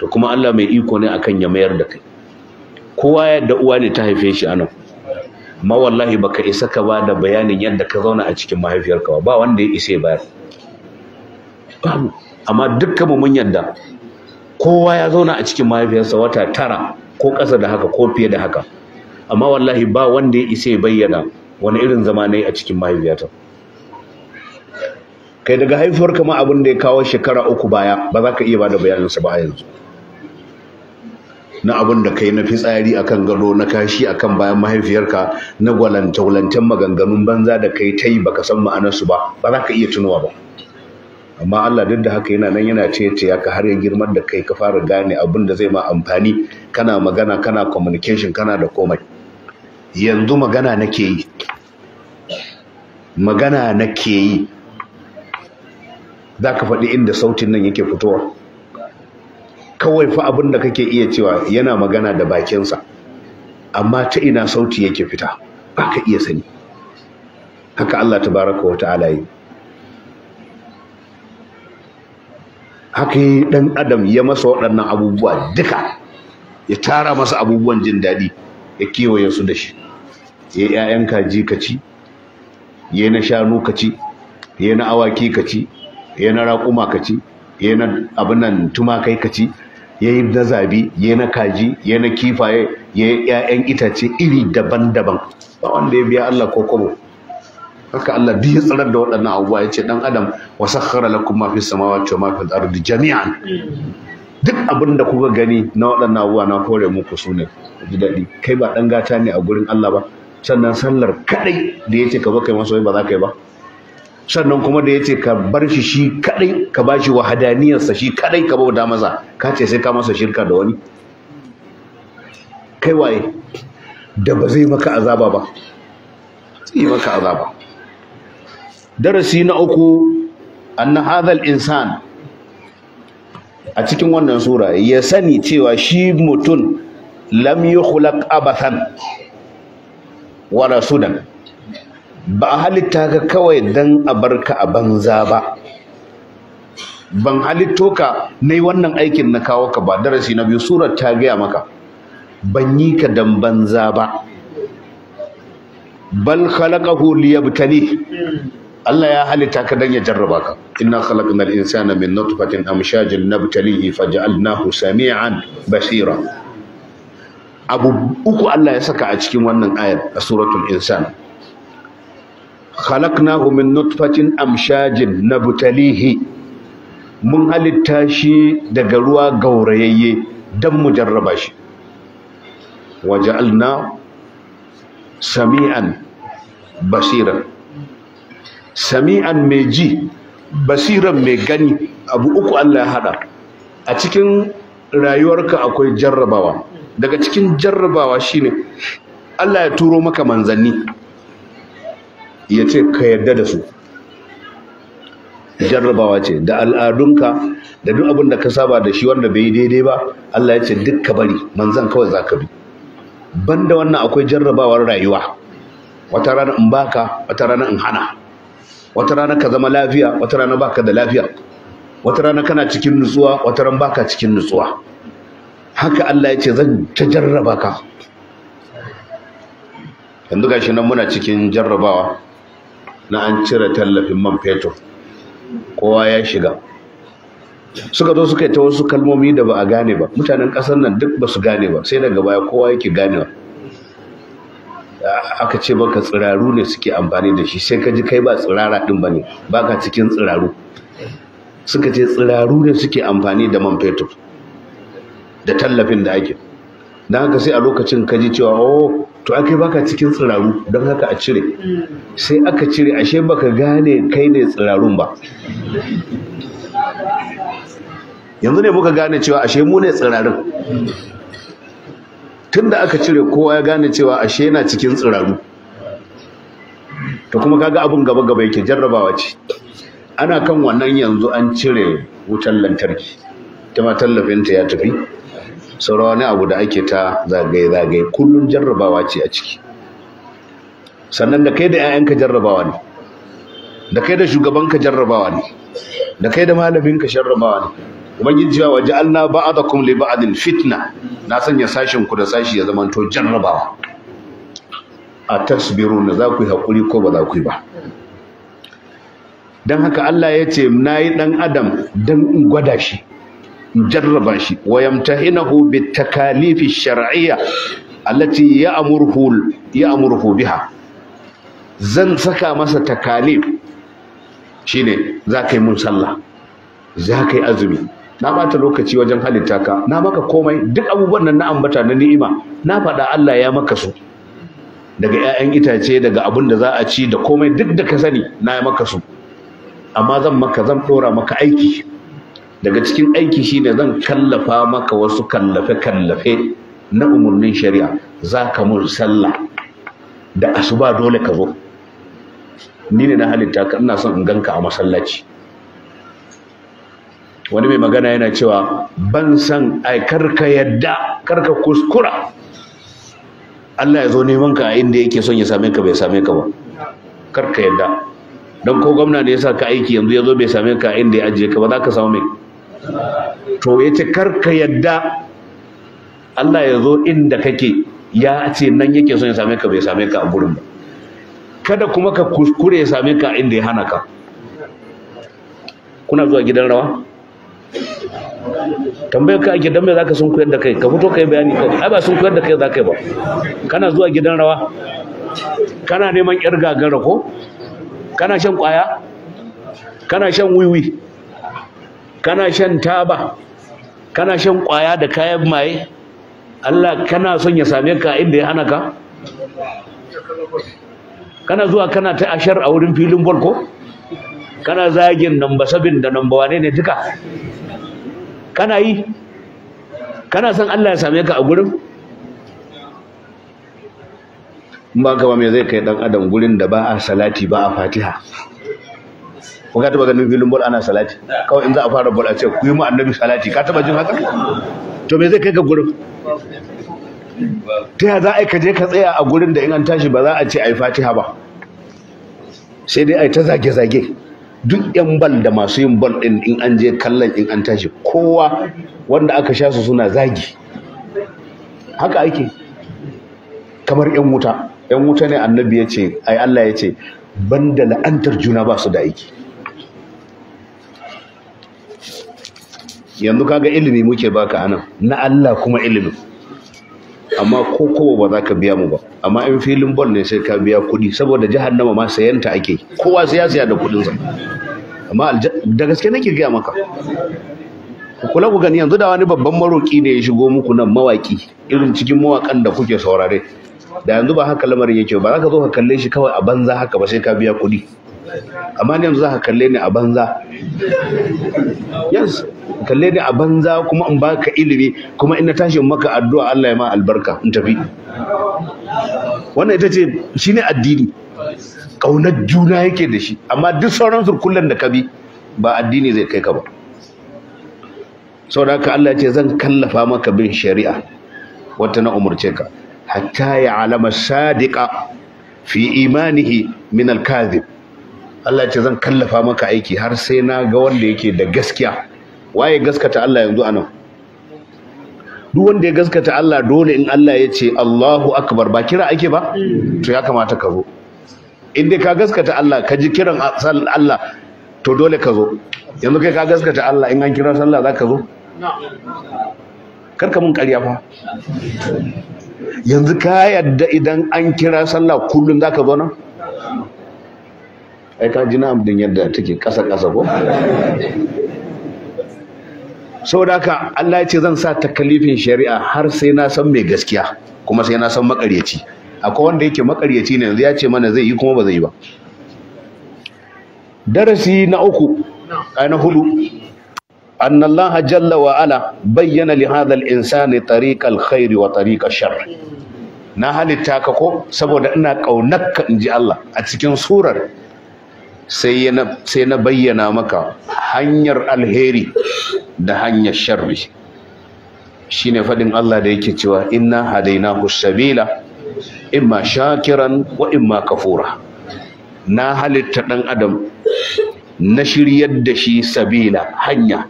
A: to kuma Allah mai iko ne akan ya mayar da kai kowa yadda uwa ne ta haife shi anan ma wallahi baka isa ka ba da bayanin yadda ka zauna a cikin mahaifiyarka ba ba wanda ya isa bayar amma dukkan mu mun yadda kowa ya zauna a cikin mahaifiyarsa wata tara ko ƙasa da haka ko fiye da haka amma wallahi ba wanda ya isa ya bayyana wani irin zama ne a cikin mahaifiyarta kai daga haifuwar kama abin da ya kawo shekara uku baya ba za ka iya ba da bayaninsa ba yanzu na abin da kai na fitsari akan gado na kashi akan bayan mahaifiyarka na gwalantaulantan maganganun banza da kai ta yi baka san ma'anarsu ba ba za ka iya tunuwa ba amma Allah duk da haka yana nan yana ce ce ya ka har ya girmar da kai ka fara gane abin da zai ma amfani kana magana kana communication kana da komai yanzu magana nake yi magana nake yi za ka faɗi inda sautin nan yake fitowa kawai fa abin da kake iya cewa yana magana da bakinsa amma ta ina sauti yake fita ba ka iya sani haka Allah tabaraka wa ta'ala yi haka yi ɗan adam ya masa waɗannan abubuwa duka ya tara masa abubuwan jin daɗi ya kewaye su da shi ya ‘ya'yan kaji ka ci ya na shanu ka ci ya na awaki ka ci ya na raƙuma ka ci ya na abin nan tumakai ka ci ya yi na zabi ya na kaji ya na kifaye ya ‘ya'yan itace iri daban-daban ba wanda ya biya Allah ko kobo haka Allah bi ya da waɗannan abubuwa ya ce ɗan adam wa sakhara lakum ma fi samawati wa ma fi ardi jami'an duk abin da kuka gani na waɗannan abubuwa na kore muku su ji daɗi kai ba ɗan gata ne a gurin Allah ba sannan sallar kaɗai da yace ce ka baka kai masa ba za ka yi ba sannan kuma da yace ka bar shi shi kaɗai ka ba shi sa shi kaɗai ka bauta masa ka ce sai ka masa shirka da wani kai waye da ba zai maka azaba ba zai maka azaba darasi na uku anna hadhal insan a cikin wannan sura ya sani cewa shi mutum lam yukhlaq abathan wa rasulan ba halitta ka kawai dan a barka a banza ba ban halitto ka nayi wannan aikin na kawo ka ba darasi na biyu surar ta gaya maka ban yi ka dan banza ba bal khalaqahu liyabtali Allah ya halitta ka dan ya jarraba ka inna khalaqnal insana min nutfatin amshajin nabtalihi faj'alnahu sami'an basira abu uku Allah ya saka a cikin wannan ayar a suratul insan khalaqnahu min nutfatin amshajin nabtalihi mun halitta shi daga ruwa gaurayayye dan mu jarraba shi waja'alna sami'an basiran sami'an mai ji basiran mai gani abu uku Allah ya hada a cikin rayuwarka akwai jarrabawa daga cikin jarrabawa shine Allah ya turo maka manzanni ya ce ka yarda da su jarrabawa ce da al'adunka da duk abin da ka saba da shi wanda bai daidai ba Allah ya ce duk ka bari manzan kawai za ka bi banda wannan akwai jarrabawar rayuwa wata rana in baka wata rana in hana wata rana ka zama lafiya wata rana baka da lafiya wata rana kana cikin nutsuwa wata rana baka cikin nutsuwa haka Allah ya ce zan ta jarraba ka yanzu gashi nan muna cikin jarrabawa na an cire tallafin man fetur kowa ya shiga suka zo suka yi ta wasu kalmomi da ba a gane ba mutanen ƙasar nan duk ba su gane ba sai daga baya kowa yake ganewa aka ce maka tsiraru ne suke amfani da shi sai ka ji kai ba tsirara din bane baka cikin tsiraru suka ce tsiraru ne suke amfani da man fetur da tallafin da ake don haka sai a lokacin ka ji cewa oh to ake baka cikin tsiraru don haka a cire sai aka cire ashe baka gane kai ne tsirarun ba yanzu ne muka gane cewa ashe mu ne tsirarin tunda aka cire kowa ya gane cewa ashe yana cikin tsiraru to kuma kaga abun gaba gaba yake jarrabawa ce ana kan wannan yanzu an cire wutan lantarki ta ma ta ya tafi Saurawa wani abu da ake ta zagaye-zagaye kullum jarrabawa ce a ciki sannan da kai da 'ya'yanka jarrabawa ne da kai da shugabanka jarrabawa ne da kai da malaminka jarrabawa ne ubangiji wa ja'alna ba'dakum li ba'din fitna na sanya sashin ku da sashi ya zama jarrabawa a na za ku yi hakuri ko ba za ku yi ba dan haka Allah ya ce nayi ɗan adam dan in gwada shi in jarraba shi wa yamtahinahu bit takalifi shar'iyya allati ya'muruhu ya'muruhu biha zan saka masa takalif shine za ka yi mun sallah za ka yi azumi na bata lokaci wajen halitta ka na maka komai duk abubuwan nan na ambata na ni'ima na faɗa Allah ya maka su daga 'ya'yan itace daga abun da za a ci da komai duk da ka sani na maka su amma zan maka zan ɗora maka aiki daga cikin aiki shine zan kallafa maka wasu kallafe-kallafe na umarnin shari'a za ka mun sallah da asuba dole ka zo ni ne na halitta ka ina son in ganka a masallaci wani mai magana yana cewa ban san ai karka yadda karka kuskura Allah ya zo neman ka inda yake son ya same ka bai same ka ba karka yadda don ko gwamna da ya sa ka aiki yanzu ya zo bai same ka inda ya ajiye ka ba za ka samu mai to ya ce karka yadda Allah ya zo inda kake ya ce nan yake son ya same ka bai same ka a gurin ba kada kuma ka kuskure ya same ka inda ya hana ka kuna zuwa gidan rawa tambayar ka gidan mai mai zaka sun koyar da kai ka fito kai bayani kai ai ba sun koyar da kai zaka yi ba kana zuwa gidan rawa kana neman yar gagara ko kana shan kwaya kana shan wiwi kana shan taba kana shan kwaya da kayan maye Allah kana son ya same ka inda ya hana ka kana zuwa kana ta ashar a wurin filin bol ko kana zagin namba sabin da namba wane ne duka kana yi kana son Allah ya same ka a gurin in ba ka ba me zai kai dan adam gurin da ba a salati ba a fatiha ko ka taba ganin filin bol ana salati kawai in za a fara bol a ce ku yi mu annabi salati ka taba jin haka to me zai kai ka gurin ta ya za a ka je ka tsaya a gurin da in an tashi ba za a ce a yi fatiha ba sai dai a yi ta zage-zage duk yan bal da masu yin bal din in an je kallon in an tashi kowa wanda aka sha su suna zagi haka ake kamar yan wuta yan wuta ne annabi ya ce ai Allah ya ce banda la'antar juna ba su da aiki yanzu kaga ilimi muke baka anan na Allah kuma ilimin amma ko ko ba za ka biya mu ba amma in filin bol ne sai ka biya kuɗi saboda jahannama ma sayanta ake kowa sai ya siya da kuɗinsa amma da gaske nake gaya maka ku kula ku gani yanzu da wani babban maroki ne ya shigo muku nan mawaki irin cikin mawakan da kuke saurare da yanzu ba haka lamarin yake ba za ka zo ka kalle shi kawai a banza haka ba sai ka biya kuɗi amma yanzu za ka kalle ni a banza yes kalle ni a banza kuma in baka ilimi kuma in na tashi maka addu'a Allah ya ma albarka in tafi wannan ita ce shine addini ƙaunar juna yake da shi amma duk sauran surkullan da ka bi ba addini zai kai ka ba saboda Allah ya ce zan kallafa maka bin shari'a wata na umurce ka hatta ya alama sadiqa fi imanihi min al-kadhib Allah ce zan kallafa maka aiki har sai na ga wanda yake da gaskiya waye gaskata Allah yanzu anan duk wanda ya gaskata Allah dole in Allah ya ce Allahu akbar ba kira ake ba to ya kamata ka zo in dai ka gaskata Allah ka ji kiran Allah to dole ka zo yanzu kai ka gaskata Allah in an kira sallah za ka zo karka mun ƙarya fa yanzu ka yadda idan an kira sallah kullum za ka zo nan ai ka ji na'am yadda take ƙasa ƙasa ko saboda haka Allah ya ce zan sa takalifin shari'a har sai na san mai gaskiya kuma sai na san makaryaci akwai wanda yake makaryaci ne yanzu ya ce mana zai yi kuma ba zai yi ba darasi na uku ai na hudu أن الله bayyana وعلا بين لهذا الإنسان طريق wa وطريق الشر na halitta ka ko saboda ina ƙaunarka in ji Allah a cikin surar sai na bayyana maka hanyar alheri da hanyar sharri Shi ne faɗin Allah da yake cewa inna hadainahu sabila imma shakiran wa imma kafura na halitta ɗan adam na shiryar da shi sabila hanya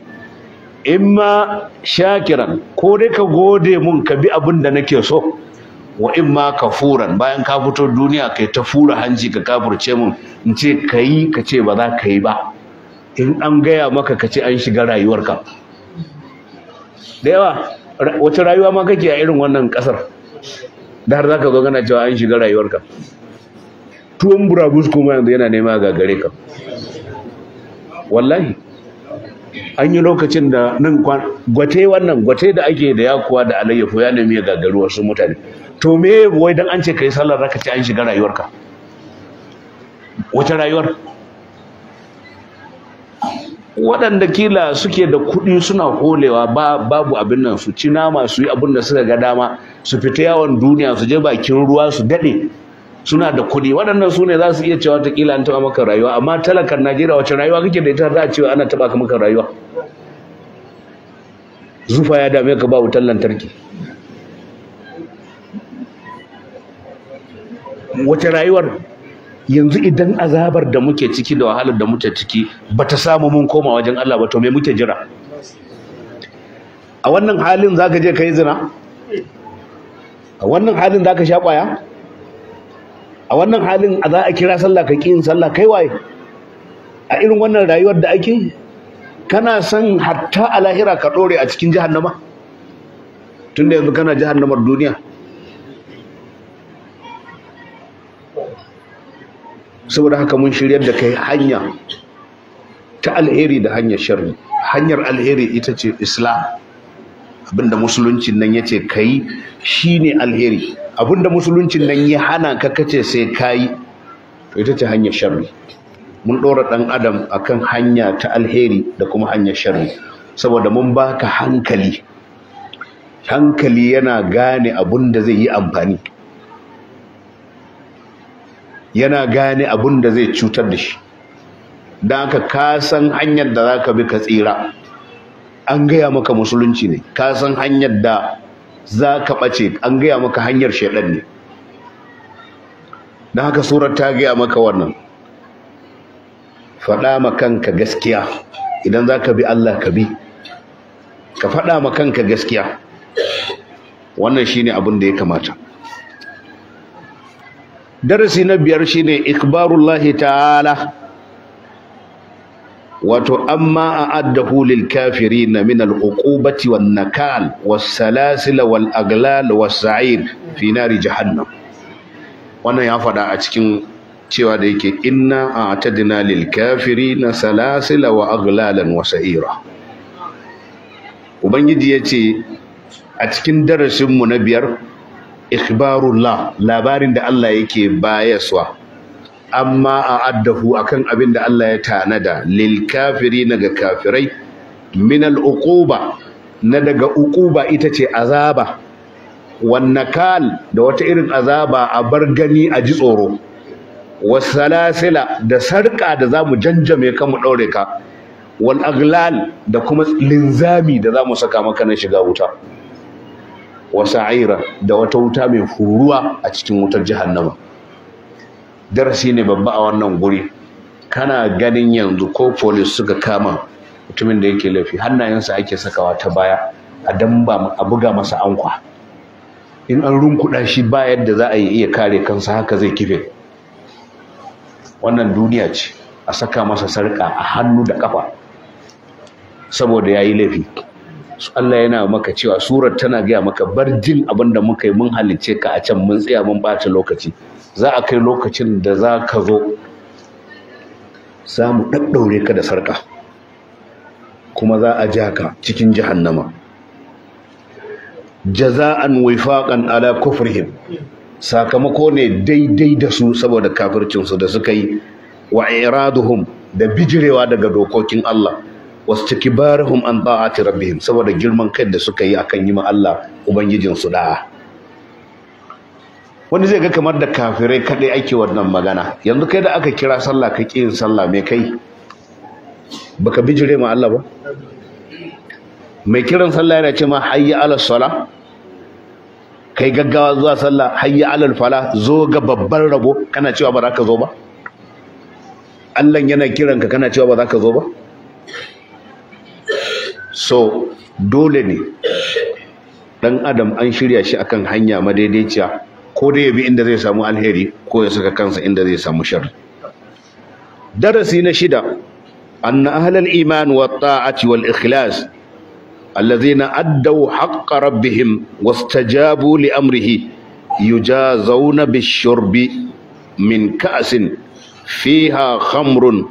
A: imma shakiran ko dai ka gode mun ka bi abin da nake so wa in ma kafuran bayan ka fito duniya kai ta fura hanji ka kafurce mun in ce ka yi ka ce ba za ka yi ba in an gaya maka ka ce an shiga rayuwarka da yawa wace rayuwa ma kake a irin wannan kasar da har za ka zo gana cewa an shiga rayuwarka tuwon burabus kuma yanzu yana nema gagare ka wallahi an yi lokacin da nan gwate wannan gwate da ake da yakuwa da alayyafo ya nemi ya gagaru wasu mutane to me wai dan an ce kai sallar raka ce an shiga rayuwarka wata rayuwar waɗanda kila suke da kuɗi suna kolewa babu abin nan su ci nama su yi abin da suka ga dama su fita yawon duniya su je bakin ruwa su daɗe suna da kuɗi waɗannan su ne za su iya cewa kila an taɓa maka rayuwa amma talakar najeriya wacce rayuwa kake da ita za a cewa ana taɓa maka rayuwa zufa ya dame ka ba wutar lantarki wace rayuwar yanzu idan azabar da muke ciki da wahalar da muke ciki ba ta samu mun koma wajen Allah ba to me muke jira a wannan halin zaka je kai zina a wannan halin zaka sha kwaya a wannan halin a za a kira sallah ka yin sallah kai waye a irin wannan rayuwar da ake kana son hatta a lahira ka ɗore a cikin jahannama tunda yanzu kana jahannamar duniya saboda haka mun shiryar da kai hanya ta alheri da hanyar sharri hanyar alheri ita ce islam abinda musuluncin nan ya ce ka yi shi ne alheri abinda musuluncin nan ya hana ka kace sai ka yi to ita ce hanyar sharri mun ɗora ɗan adam a kan hanya ta alheri da kuma hanyar sharri saboda mun baka hankali hankali yana gane abin da zai yi amfani yana gane abin da zai cutar da shi don kasan ka hanyar da za ka bi ka tsira an gaya maka musulunci ne Kasan hanyar da za ka ɓace an gaya maka hanyar shaidan ne don haka surar ta gaya maka wannan faɗa ma kanka gaskiya idan za ka bi Allah ka bi ka faɗa ma kanka gaskiya wannan shi ne abin da ya kamata darasi na biyar shine ikbarullahi ta'ala wato amma addahu lil kafirin min al uqubati wan nakal was salasil wal aglal was sa'ir fi nari jahannam wannan ya fada a cikin cewa da yake inna a'tadna lil kafirin salasila wa aglalan wa sa'ira ubangiji yace a cikin darasin mu na biyar ikhbarullah labarin da Allah yake bayaswa amma a addahu akan abin da Allah ya tanada lil na ga kafirai min al uquba na daga uquba ita ce azaba wan nakal da wata irin azaba a bar gani a ji tsoro wasalasila da sarka da zamu janjame ka mu daure ka wal aglal da kuma linzami da zamu saka maka na shiga wuta Wasu sa'ira da wata wuta mai furuwa a cikin wutar jahannama darasi ne babba a wannan guri kana ganin yanzu ko police suka kama mutumin da yake laifi hannayensa ake sakawa ta baya a damba a buga masa ankwa in an runkuɗa shi ba yadda za a yi iya kare kansa haka zai kife wannan duniya ce a saka masa sarƙa a hannu da ƙafa saboda ya yi laifi Allah yana maka cewa surar tana gaya maka bar jin abin da muka yi mun halicce ka a can mun tsaya mun ɓata lokaci za a kai lokacin da za ka zo za mu ɗaɗɗaure ka da sarƙa kuma za a ja ka cikin jahannama jaza'an wifaqan ala kufrihim sakamako ne daidai da su saboda kafircinsu da suka yi wa iraduhum da bijirewa daga dokokin Allah Wasu wastakbarahum an ta'ati rabbihim saboda girman kai da suka yi akan yi ma Allah ubangijin su da'a wani zai ga kamar da kafirai kadai ake wannan magana yanzu kai da aka kira sallah ka ƙi yin sallah mai kai baka bijire ma Allah ba mai kiran sallah yana ce ma hayya ala sala kai gaggawa zuwa sallah hayya ala fala zo ga babban rabo kana cewa ba za ka zo ba Allah yana kiranka kana cewa ba za ka zo ba so dole ne dan adam an shirya shi akan hanya madaidaiciya ko dai ya bi inda zai samu alheri ko ya saka kansa inda zai samu shari darasi na shida anna ahlal iman wa ta'ati wal ikhlas alladhina addaw haqqa rabbihim wastajabu li amrihi yujazawna bishurbi min ka'sin fiha khamrun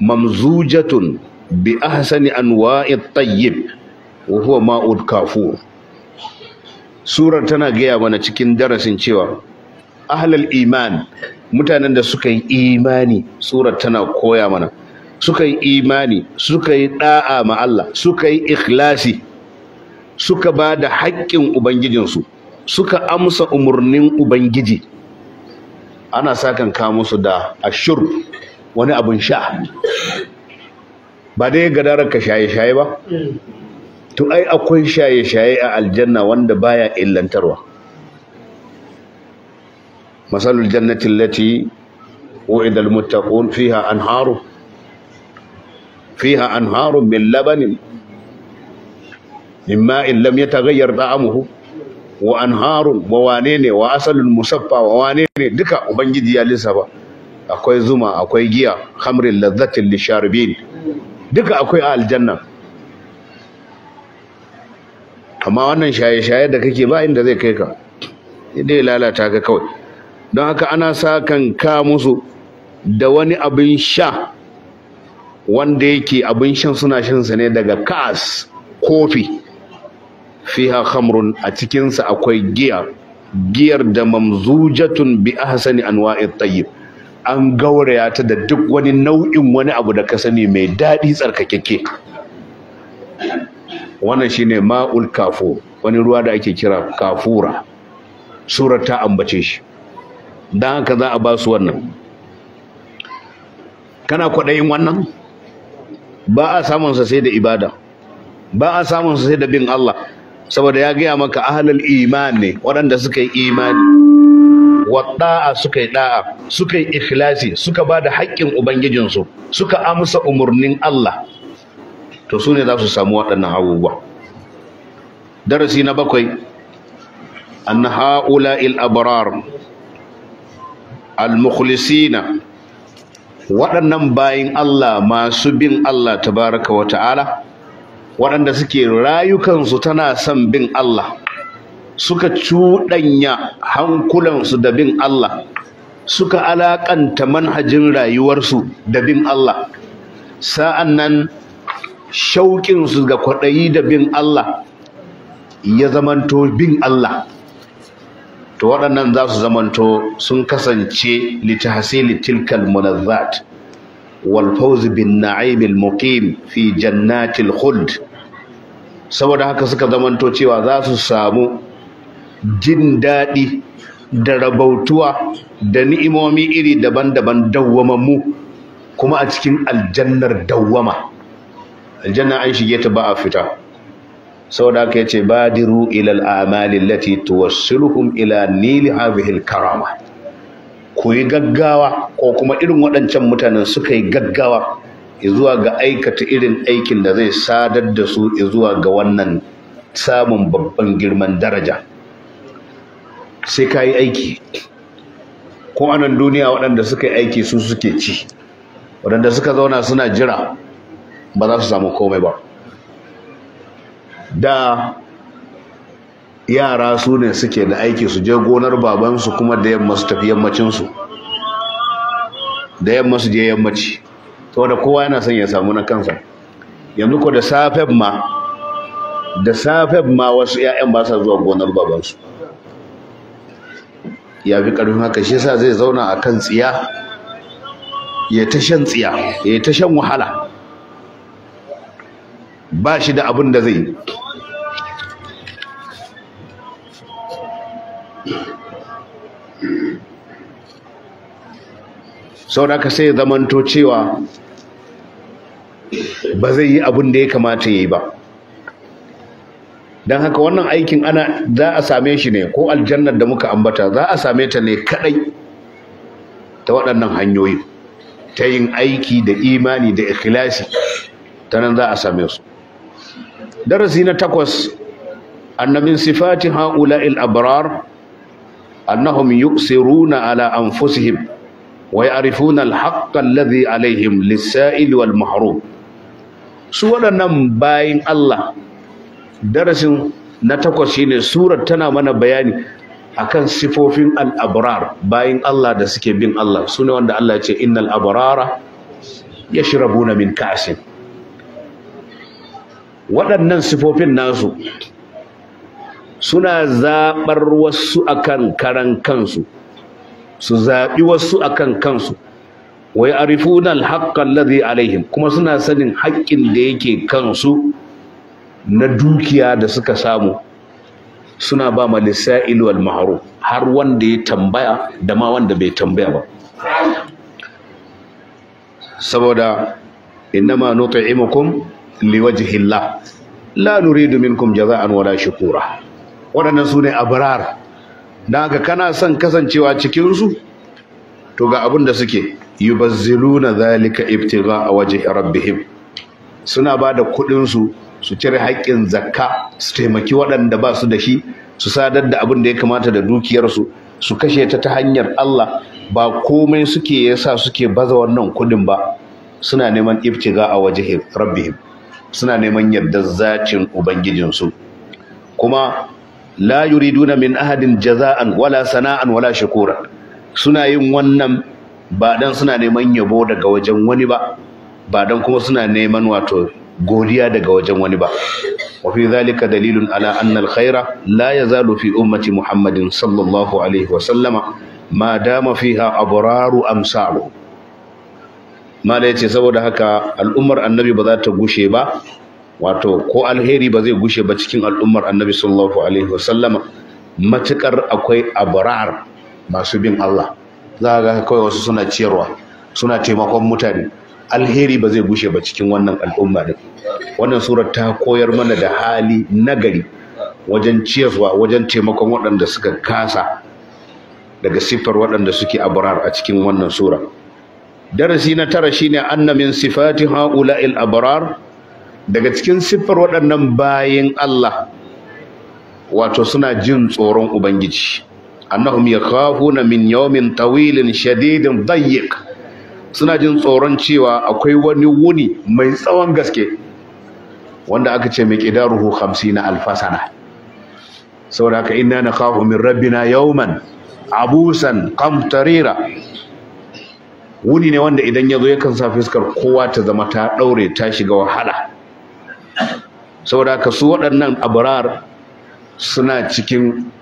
A: mamzujatun bi ahsani anwa'i tayyib wa huwa ma'ul kafur surar tana gaya mana cikin darasin cewa ahlul iman mutanen da suka yi imani surar tana koya mana suka yi imani suka yi da'a ma Allah suka yi ikhlasi suka ba da haƙƙin ubangijinsu suka amsa umarnin ubangiji ana sakan ka musu da ashur wani abin sha ba dai ga daraka shaye-shaye ba to ai akwai shaye-shaye a aljanna wanda baya illantarwa masalul jannati allati wu'idal muttaqun fiha anharu fiha anharu min labanin mimma in lam yataghayyar ta'amuhu wa anharun wa wane ne wa asalul musaffa wa wane ne duka ubangiji ya lissafa akwai zuma akwai giya khamrin ladhatin lisharibin duka akwai a aljanna amma wannan shaye-shaye da kake ba inda zai kai ka idai lalata ka kawai don haka ana sa kan ka musu da wani abin sha wanda yake abin shan suna shan sa ne daga kas kofi fiha khamrun a cikinsa akwai giya giyar da mamzujatun bi ahsani anwa'i tayyib an gauraya ta da duk wani nau'in wani abu da ka sani mai daɗi tsarkakeke wannan ne ma'ul kafo wani ruwa da ake kira kafura surar ta ambace shi don haka za a ba su wannan kana kwaɗayin wannan ba a samunsa sai da ibada ba a samunsa sai da bin Allah saboda ya gaya maka ahalul iman waɗanda suka yi imani wa da'a suka yi da'a suka yi ikhlasi suka ba da haƙƙin ubangijinsu suka amsa umarnin Allah to su ne za su samu waɗannan abubuwa darasi na bakwai an ha'ula il abrar al mukhlisina waɗannan bayin Allah masu bin Allah tabaraka wa ta'ala waɗanda suke rayukansu tana son bin Allah suka cuɗanya hankulansu da bin Allah suka alaƙanta manhajin rayuwarsu da bin Allah sa'an nan shauƙinsu ga kwaɗayi da bin Allah ya zamanto bin Allah to waɗannan za su zamanto sun kasance litahsili tilkal munazzat wal binna'imil, bin na'imil muqim fi jannatil khuld saboda haka suka zamanto cewa za su samu jin daɗi da rabautuwa da ni'imomi iri daban-daban dawwamammu kuma a cikin aljannar dawwama aljanna an shige ta ba a fita Sau saboda haka yace badiru ilal amali lati tuwassiluhum ila nili hadhihi karama ku yi gaggawa ko kuma irin waɗancan mutanen suka yi gaggawa zuwa ga aikata irin aikin da zai sadar da su zuwa ga wannan samun babban girman daraja sai ka yi aiki ko anan duniya waɗanda suka yi aiki su suke ci waɗanda suka zauna suna jira ba za su samu komai ba da yara su ne suke da aiki su je gonar babansu kuma da yamma su tafi yammacinsu da yamma su je yammaci saboda kowa yana son ya samu na kansa yanzu ko da safen ma da safen ma wasu 'ya'yan ba sa zuwa gonar babansu ya fi ƙarfin haka shi yasa zai zauna a kan tsiya ya ta shan tsiya ya ta shan wahala ba shi da abin da zai ka sai zamanto cewa ba zai yi abin da ya kamata ya yi ba don haka wannan aikin ana za a same shi ne ko aljannar da muka ambata za a same ta ne kadai ta waɗannan hanyoyin ta yin aiki da imani da ikhlasi ta nan za a same su darasi na takwas annabin sifati ha'ula'il abrar annahum yuksiruna ala anfusihim wa ya'rifuna al-haqqa alladhi alaihim lis-sa'il wal mahrum su waɗannan bayin Allah darasin na takwas shine surar tana mana bayani akan sifofin al-abrar bayin Allah da suke bin Allah sune wanda Allah ya ce innal abrara yashrabuna min ka'sin waɗannan sifofin nasu suna zaɓar wasu akan karan kansu su zaɓi wasu akan kansu wai ya'rifuna al-haqqa alaihim kuma suna sanin haƙƙin da yake kansu na dukiya da suka samu suna ba ma lisa'il wal ma'ruf har wanda ya tambaya da ma wanda bai tambaya ba saboda innama nut'imukum liwajhillah la nuridu minkum jaza'an wala shukura waɗannan su ne abrar dan haka kana son kasancewa cikin su to ga abin da suke yubazziluna zalika ibtigha wajhi rabbihim suna ba da kuɗin su su cire haƙƙin zakka su taimaki waɗanda ba su da shi su sadar da abin da ya kamata da dukiyarsu su kashe ta ta hanyar Allah ba komai suke yasa suke baza wannan kuɗin ba suna neman iftiga a waje rabbihim suna neman yardar zacin ubangijinsu kuma la yuriduna min ahadin jaza'an wala sana'an wala shukura suna yin wannan ba dan suna neman yabo daga wajen wani ba ba dan kuma suna neman wato godiya daga wajen wani ba wa fi zalika dalilun ala khaira, khaira la yazalu fi ummati muhammadin sallallahu alaihi wa sallama ma dama fiha abraru amsalu mala yace saboda haka al'ummar annabi ba za ta gushe ba wato ko alheri ba zai gushe ba cikin al'ummar annabi sallallahu alaihi wa sallama matukar akwai abrar masu bin Allah za ga kawai wasu suna ciyarwa suna taimakon mutane alheri ba zai gushe ba cikin wannan al'umma din wannan surar ta koyar mana da hali nagari wajen ciyarwa wajen taimakon waɗanda suka kasa daga siffar waɗanda suke abrar a cikin wannan sura darasi na tara shine anna min sifati haula'il abrar daga cikin siffar waɗannan bayin Allah wato suna jin tsoron ubangiji annahum yakhafuna min yawmin tawilin shadidin dayyiq suna jin tsoron cewa akwai wani wuni mai tsawon gaske wanda aka ce mai ƙidaruhu hamsin na alfasana saboda haka inna na kawo min rabbina yauman abusan kamtarira wuni ne wanda idan ya zo yakan sa fiskar kowa ta zama ta ɗaure ta shiga wahala saboda haka su waɗannan abrar suna cikin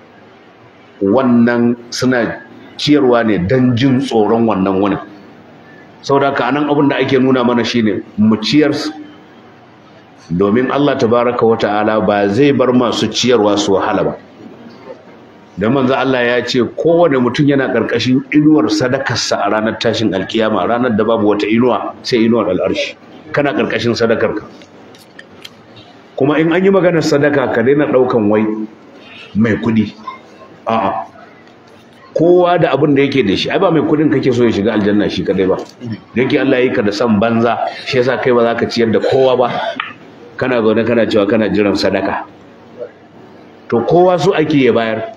A: wannan suna ciyarwa ne don jin tsoron wannan wunin saboda ka nan abin da ake nuna mana shine mu ciyar domin Allah tabaraka wa ta'ala ba zai bar masu ciyarwa su wahala ba dan manzo Allah ya ce kowane mutum yana karkashin inuwar sadakarsa a ranar tashin alkiyama ranar da babu wata inuwa sai inuwar al'arshi kana karkashin sadakarka kuma in an yi maganar sadaka ka daina daukan wai mai kudi a'a kowa da abin da yake da shi ai ba mai kudin kake so ya shiga aljanna shi kadai ba da yake Allah ka da san banza shi yasa kai ba za ka ciyar da kowa ba kana zaune kana cewa kana jiran sadaka to kowa su ake ya bayar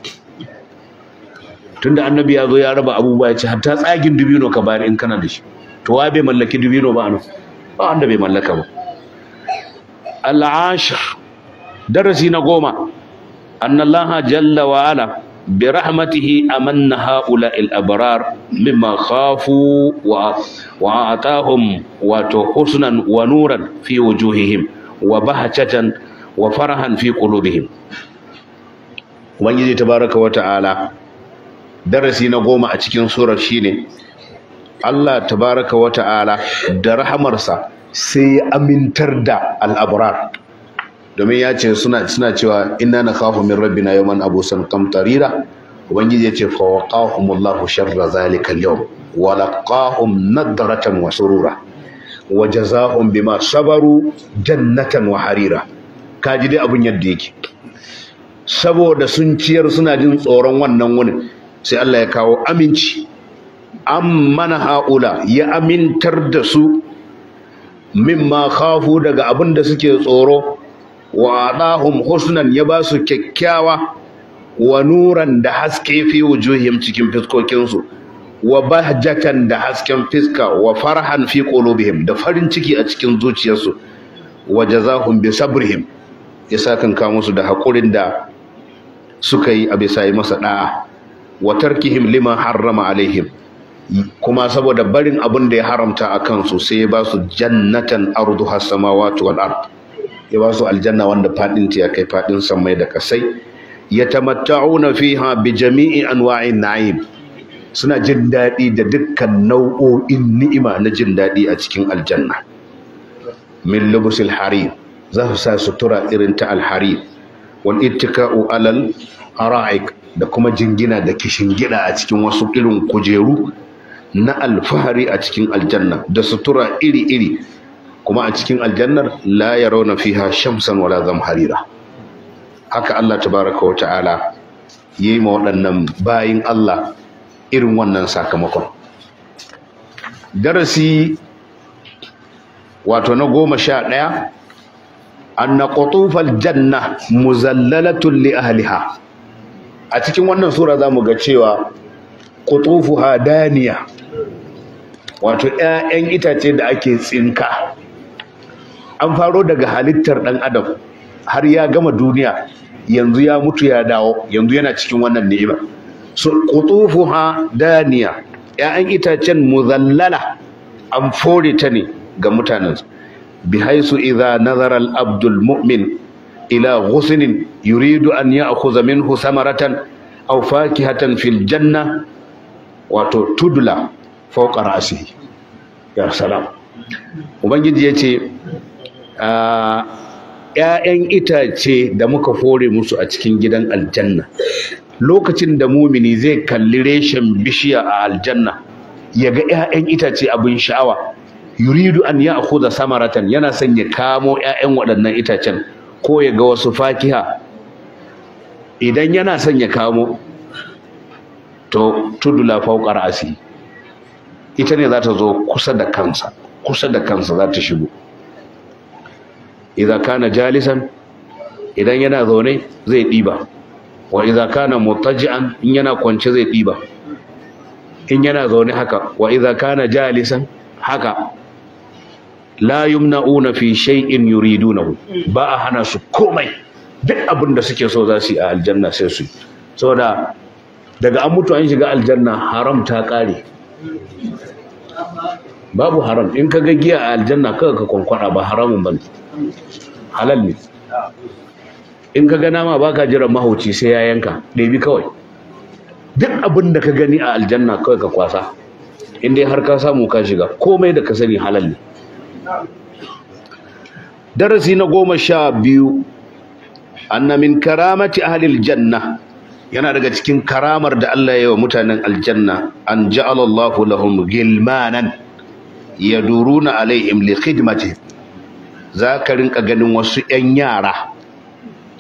A: tunda annabi ya zo ya raba abubuwa ya ce hatta tsagin dubino ka bayar in kana da shi to wa bai mallaki dubino ba anan ba wanda bai mallaka ba al darasi na goma annallaha jalla wa ala برحمته أمن هؤلاء الأبرار مما خافوا وأعطاهم حسنا ونورا في وجوههم وبهجة وفرحا في قلوبهم ubangiji tabaraka wa ta'ala darasi na goma a cikin surar shine Allah tabaraka wa da rahamarsa sai ya amintar da al'abrar domin ya ce suna cewa inna kafa min rabbina yawman abusan kamtarira ubangiji ya ce fa mullahu sharra zalika yau wala wa nadaratan nadratan wa surura wa bi bima sabaru jannatan wa harira kaji dai abun yadda yake saboda sun ciyar suna jin tsoron wannan wani sai Allah ya kawo aminci An mana haula ya amintar da su mimma kafu daga abin da suke tsoro wa adahum husnan ya ba su kyakkyawa wa nuran da haske fi wujuhim cikin fiskokinsu wa bahjatan da hasken fiska wa farhan fi qulubihim da farin ciki a cikin zuciyarsu wa jazahum bi sabrihim ya sakan ka musu da hakurin da suka yi a bisa yi masa da'a wa tarkihim lima harrama alaihim kuma saboda barin abin da ya haramta a kansu sai ya ba su jannatan arduha samawati wal ard ya ba su aljanna wanda fadin ta ya kai fadin samai da kasai yatamatta'una fiha bi jami'i anwa'in na'im suna jin daɗi da dukkan nau'o'in ni'ima na jin daɗi a cikin aljanna min lubusil harir za su sa sutura irin ta alharir wal ittika'u alal ara'ik da kuma jingina da kishingida a cikin wasu irin kujeru na alfahari a cikin aljanna da sutura iri-iri kuma a cikin aljannar la fi fiha shamsan wala harira. haka Allah tabaraka wa ta'ala yi ma waɗannan bayin Allah irin wannan sakamakon darasi wato na goma sha ɗaya na qutufal janna muzallalatun li ahliha a cikin wannan sura mu ga cewa ha daniya wato 'ya'yan itace da ake tsinka an faro daga halittar ɗan adam har ya gama duniya yanzu ya mutu ya dawo yanzu yana cikin wannan ni'imar so qutufuha daniya ya'an itacen muzallala an fore ta ne ga mutanen bi haisu idza nazara al abdul mu'min ila ghusnin yuridu an ya'khudha minhu samaratan aw fakihatan fil janna wato tudula fawqa ra'sihi ya salam ubangiji yace ‘ya'yan itace da muka fore musu a cikin gidan aljanna lokacin da mumini zai kalli reshen bishiya a aljanna ya ga ‘ya'yan itace abin sha'awa yuridu an ya da samaratan yana son ya kamo ‘ya'yan waɗannan itacen ko ya ga wasu fakiha idan yana son ya kamo to tudula fauƙar asi ita ne za ta zo kusa da kansa kusa da kansa za ta shigo idan kana jalisan idan yana zaune zai diba wa idan kana mutaji'an in yana kwance zai diba in yana zaune haka wa idan kana jalisan haka la yumna'una fi shay'in yuridunahu ba a hana su komai duk abin da suke so za su yi a aljanna sai su saboda daga an mutu an shiga aljanna haram ta kare babu haram in ka ga giya a aljanna kaga ka kwankwada ba haramun bane halal ne in ka gana ma baka jiran mahauci sai ya yanka ɗebi kawai duk abin da ka gani a aljanna kawai ka kwasa in dai har ka samu ka shiga komai da ka sani halal ne darasi na goma sha biyu anna min karamati ahlil janna yana daga cikin karamar da Allah ya yi wa mutanen aljanna an ja'ala Allahu lahum gilmanan yaduruna alaihim li khidmatihi za ka rinka ganin wasu 'yan yara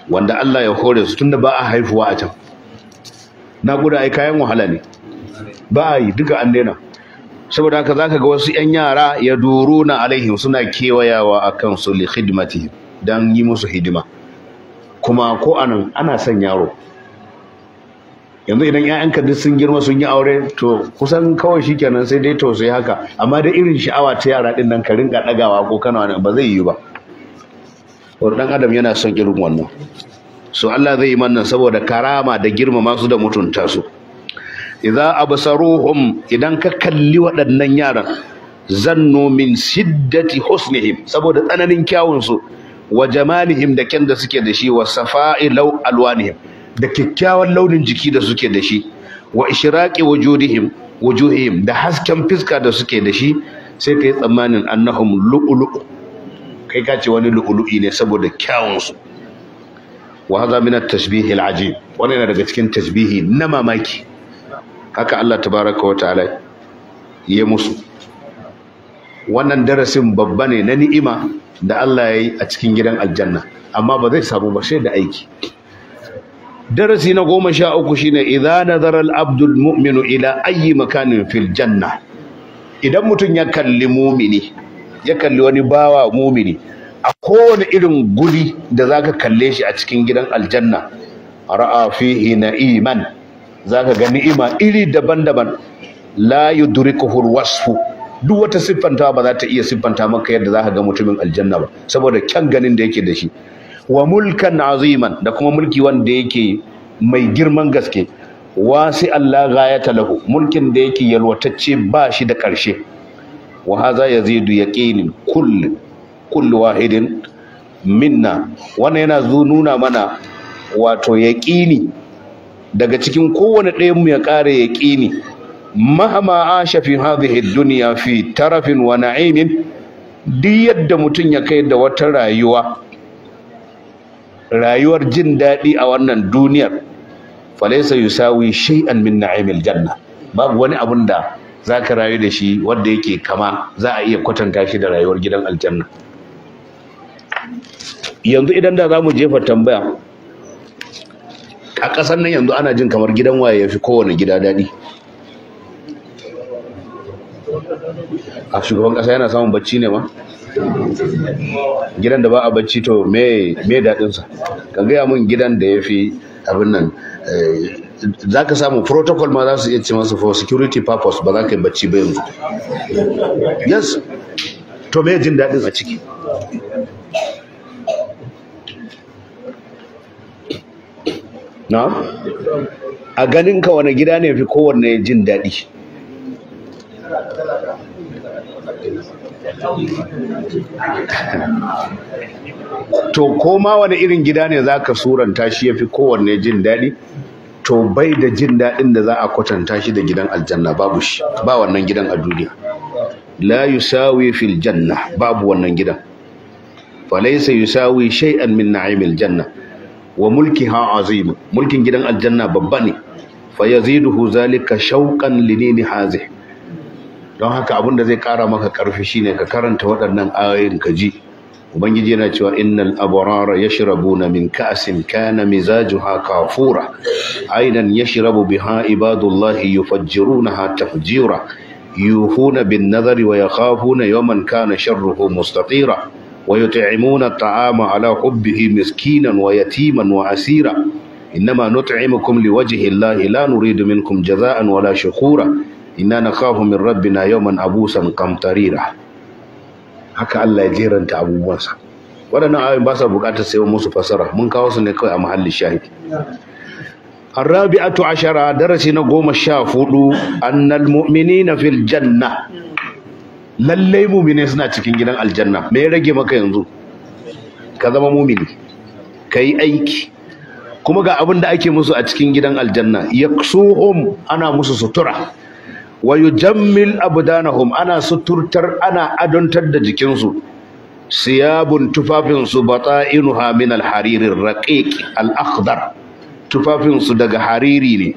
A: wanda Allah ya hore su tunda ba a haifuwa a can na guda ai kayan wahala ne ba a duka an daina saboda haka za ka ga wasu 'yan yara ya duru na alaihim suna kewayawa a kan su li hidimati don yi musu hidima kuma ko anan ana son yaro yanzu idan 'ya'yanka duk sun girma sun yi aure to kusan kawai shi kenan sai dai tausayi haka amma da irin sha'awa ta yara din nan ka rinka dagawa ko kana wani ba zai yi ba wani dan adam yana son irin wannan so Allah zai yi mannan saboda karama da girmama su da mutunta su idza absaruhum idan ka kalli waɗannan yaran zannu min shiddati husnihim saboda tsananin kyawun su wa jamalihim da kyan da suke da shi wa safa'i law alwanihim da kyakkyawan launin jiki da suke da shi wa ishraqi wujuhihim wujuhihim da hasken fiska da suke da shi sai kai tsammanin annahum lu'lu'u kai ka ce wani lu'lu'i ne saboda kyawun su wa hadha min at-tashbih al-ajib wannan yana daga cikin tashbihi na mamaki haka Allah tabaaraka wa ta'ala ya musu wannan darasin babba ne na ni'ima da Allah ya yi a cikin gidan aljanna amma ba zai samu ba sai da aiki darasi na goma sha uku shine idza nazaral abdul mu'minu ila ayyi makanin fil janna idan mutum ya kalli mumini ya kalli wani bawa mumini a kowane irin guri da zaka kalle shi a cikin gidan aljanna ra'a fihi na'iman zaka ga ni'ima iri daban-daban la yudrikuhu al-wasfu duk wata siffanta ba za ta iya siffanta maka yadda zaka ga mutumin aljanna ba saboda kyan ganin da yake da shi wa mulkan aziman da kuma mulki wanda yake mai girman gaske wasi Allah ghayata lahu mulkin da yake yalwatacce ba shi da ƙarshe wa hadha yazidu yaqinin kull kull wahidin minna wannan yana zo nuna mana wato yaqini daga cikin kowane ɗayan mu ya ƙare yaqini mahama asha fi hadhihi dunya fi tarafin wa na'imin duk yadda mutum ya kai da wata rayuwa rayuwar jin daɗi a wannan duniyar falaisa yusawi shay'an min na'imil janna babu wani abun da zaka rayu da shi wanda yake kama za a iya kwatanta shi da rayuwar gidan aljanna yanzu idan da zamu jefa tambaya a ƙasar nan yanzu ana jin kamar gidan waye yafi kowane gida daɗi a shugaban ƙasa yana samun bacci ne ma gidan da ba a bacci to me me daɗin ka gaya mun gidan da ya fi abin nan eh, za ka samu protocol ma za su iya ce masa for security purpose ba za ka yi bacci ba yanzu yes to me jin daɗin a ciki na a ganin ka wani gida ne fi kowanne jin daɗi to koma wani irin gida ne za ka suranta shi ya fi kowanne jin daɗi to bai da jin daɗin da za a kwatanta shi da gidan aljanna babu shi ba wannan gidan a duniya la yusawi fil janna babu wannan gidan laysa yusawi shay'an min na'imil janna wa mulkiha azim mulkin gidan aljanna babba ne Fa yaziduhu zalika shauqan linini hazih don haka abin da zai kara maka karfi shine ka karanta waɗannan ayoyin ka ji ubangiji yana cewa innal abrara yashrabuna min ka'sin kana mizajuha kafura aidan yashrabu biha ibadullahi yufajjirunaha tafjira yuhuna bin nadhari wa yakhafuna yawman kana sharruhu mustatira wa yut'imuna at'ama ala hubbihi miskinan wa yatiman wa asira innama nut'imukum liwajhi allahi la nuridu minkum jaza'an wala shukura inna nakhafu min rabbina yawman abusan qamtarira haka Allah ya jeranta abubuwansa waɗannan ayoyin ba sa buƙatar sai musu fasara mun kawo su ne kawai a arabi'atu ashara darasi na goma sha الشافو annal muminina fil janna lallai mumine suna cikin gidan aljanna me ya rage maka yanzu ka zama mumini ka aiki kuma ga abin da ake musu a cikin gidan aljanna yaksuhum ana musu sutura wa yujammil abdanahum ana suturtar ana adontar da jikinsu siyabun tufafinsu bata'inuha min al-haririr raqiq al-akhdar tufafinsu daga hariri ne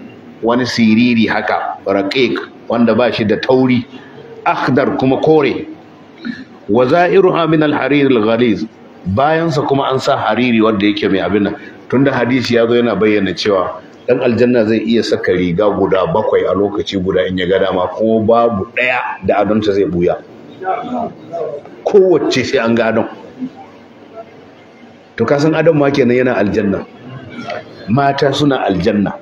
A: wani siriri haka raqiq wanda ba shi da tauri akhdar kuma kore wa za'iruha min al ghaliz bayansa kuma an sa hariri wanda yake mai abin nan tunda hadisi ya zo yana bayyana cewa dan aljanna zai iya saka riga guda bakwai a lokaci guda in ya ga dama ko babu ɗaya da adonta zai buya kowace sai an ga adon to san adon ma kenan yana aljanna mata suna aljanna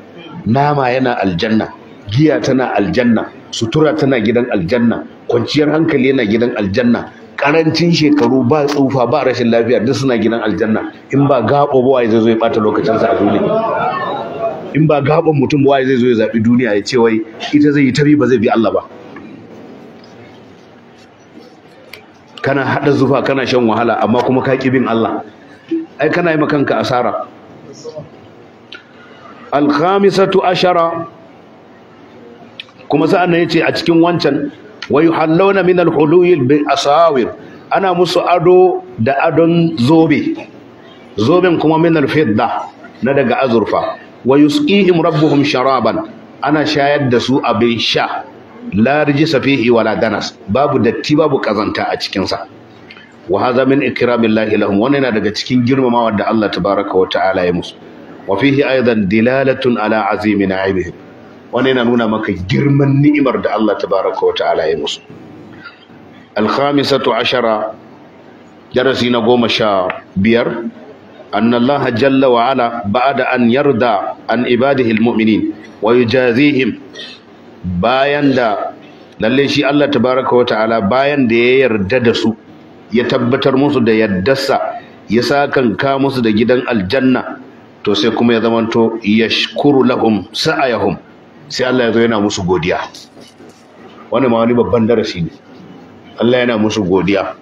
A: nama yana aljanna giya tana aljanna sutura tana gidan aljanna kwanciyar hankali yana gidan aljanna karancin shekaru ba tsufa ba rashin lafiya duk suna gidan aljanna in ba gaɓo ba zai zo ya ɓata lokacinsa a duniya in ba gaban mutum waye zai zo ya zaɓi duniya ya ce wai ita zai yi tabi ba zai bi Allah ba kana hada zufa kana shan wahala amma kuma ka ki bin Allah ai kana yi kanka asara al ashara kuma sa'an nan yace a cikin wancan wayu yuhallawna min al-huluyil bi asawir ana musu ado da adon zobe zoben kuma min al-fidda na daga azurfa wa yusqihim rabbuhum sharaban ana shayar da su abin sha la Safihi, fihi wala danas babu datti babu kazanta a cikin sa wa hadha min ikramillahi lahum wannan yana daga cikin girmamawa da Allah tabaraka wa ta'ala ya musu wa fihi aidan dilalatun ala azimi na'ibihim wannan yana nuna maka girman ni'imar da Allah tabaraka wa ta'ala ya musu al khamisatu ashara darasi na goma sha biyar أن الله جل وعلا بعد أن يرضى عن عباده المؤمنين ويجازيهم bayan da lalle shi Allah tabaraka wataala bayan da ya yarda da su ya tabbatar musu da yaddarsa ya sakanka musu da gidan aljanna to sai kuma ya zamanto yashkuru lahum sa'ayahum sai Allah ya zo yana musu godiya wannan ma wani babban darasi ne Allah yana musu godiya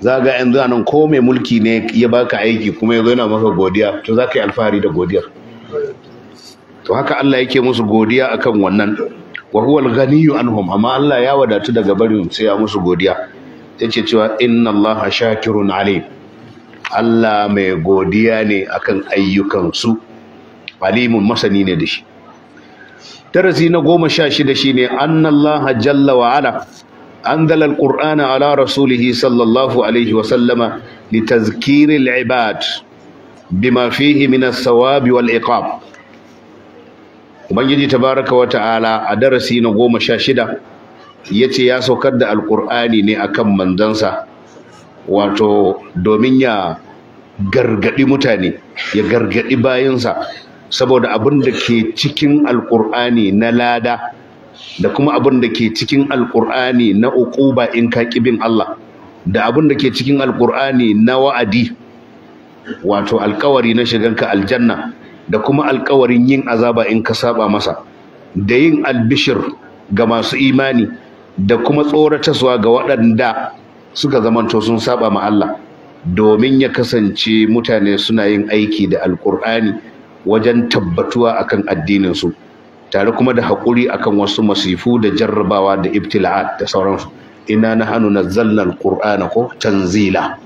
A: za ga yanzu anan ko mai mulki ne ya baka aiki kuma ya zo yana maka godiya to za ka yi alfahari da godiyar to haka Allah yake musu godiya akan wannan wa huwa al-ghaniyyu anhum amma Allah ya wadatu daga barin sai ya musu godiya yace cewa inna Allah shakirun alim Allah mai godiya ne akan ayyukan su alimun masani ne da shi darasi na goma sha shida shine anna Allah jalla wa ala أنزل القرآن على رسوله صلى الله عليه وسلم لتذكير العباد بما فيه من الثواب والعقاب ubangiji tabaraka wa ta'ala a darasi na goma sha shida yace ya saukar da alkur'ani ne akan manzansa wato domin ya gargadi mutane ya gargadi bayansa saboda abin da ke cikin Alƙur'ani na lada da kuma abin da ke cikin alkur'ani na uquba in ka bin Allah da abin da ke cikin alkur'ani na wa'adi wato alkawari na shiganka aljanna da kuma alkawarin yin azaba in ka saba masa da yin albishir ga masu imani da kuma tsoratarwa ga waɗanda suka zamanto sun saba ma Allah domin ya kasance mutane suna yin aiki da alkur'ani wajen tabbatuwa akan addininsu tare kuma da haƙuri akan wasu masifu da jarrabawa da ibtila'at da sauransu ina na hannu na zallar ƙur'ana ko tanzila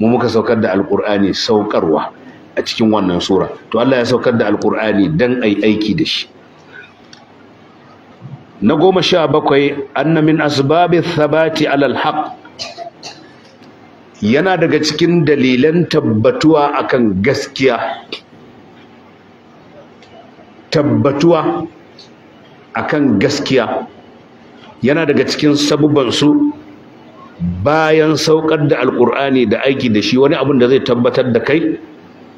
A: mu muka saukar da alƙur'ani saukarwa a cikin wannan sura to Allah ya saukar da alƙur'ani dan ai aiki da shi na goma sha bakwai anna min asbabi thabati alal haq yana daga cikin dalilan tabbatuwa akan gaskiya tabbatuwa akan gaskiya yana daga cikin sabubansu bayan saukar da alkur'ani da aiki da shi wani abin da zai tabbatar da kai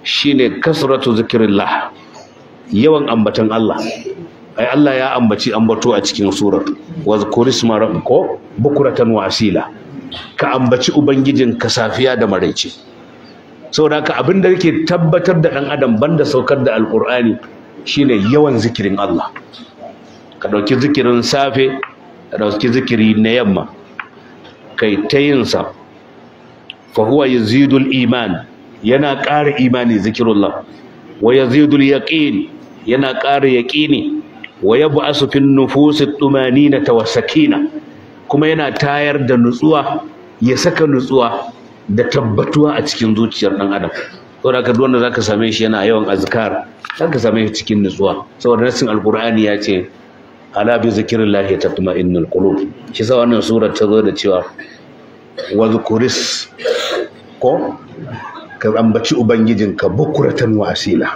A: shine kasratu zikirillah yawan ambatan Allah ai Allah ya ambaci ambato a cikin surar wazkurisma ko bukuratan wa ka ambaci ubangijin ka safiya da maraice saboda ka abin da yake tabbatar da ɗan adam banda saukar da alkur'ani shine yawan zikirin Allah ka ɗauki zikirin safe ɗauki zikiri na yamma kai ta yinsa fa huwa iman yana ƙara imani zikirullah wa yazidul yaqin yana ƙara yaqini wa yab'asu fin nufusi tumanina tawassakina kuma yana tayar da nutsuwa ya saka nutsuwa da tabbatuwa a cikin zuciyar ɗan adam saboda haka duk wanda zaka same shi yana yawan azkar zaka same shi cikin nutsuwa saboda nasin alqur'ani ya ce ala bi zikrillahi tatma'innul qulub shi sa wannan sura ta zo da cewa wa zkuris ko ka ambaci ubangijinka bukuratan wa asila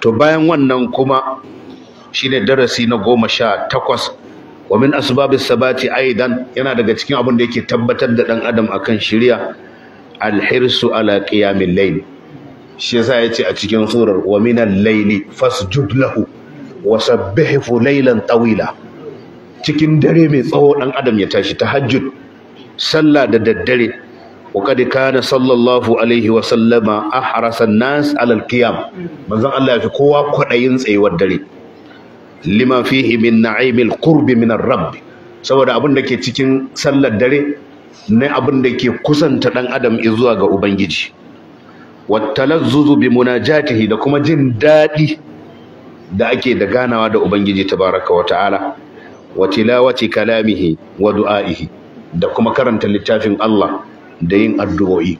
A: to bayan wannan kuma shine darasi na goma sha takwas wa min asbabis sabati aidan yana daga cikin abin da yake tabbatar da dan adam akan shirya? alhirsu ala qiyamil layl shi yasa yace a cikin surar wa minal layli fasjud lahu wasabbihu laylan tawila cikin dare mai tsawo dan adam ya tashi tahajjud sallah da daddare وقد sallallahu alaihi wa sallama وسلم احرص الناس على القيام منزل الله fi kowa كدين tsayuwar dare lima fihi min na'imil qurbi min ar-rabb saboda abin da ke cikin sallar dare na abin da ke kusanta ɗan adam zuwa ga ubangiji wattalazzuzu bi munajatihi da kuma jin daɗi da ake da ganawa da ubangiji tabaraka wa ta'ala wa tilawati kalamihi wa du'aihi da kuma karanta littafin Allah da yin addu'o'i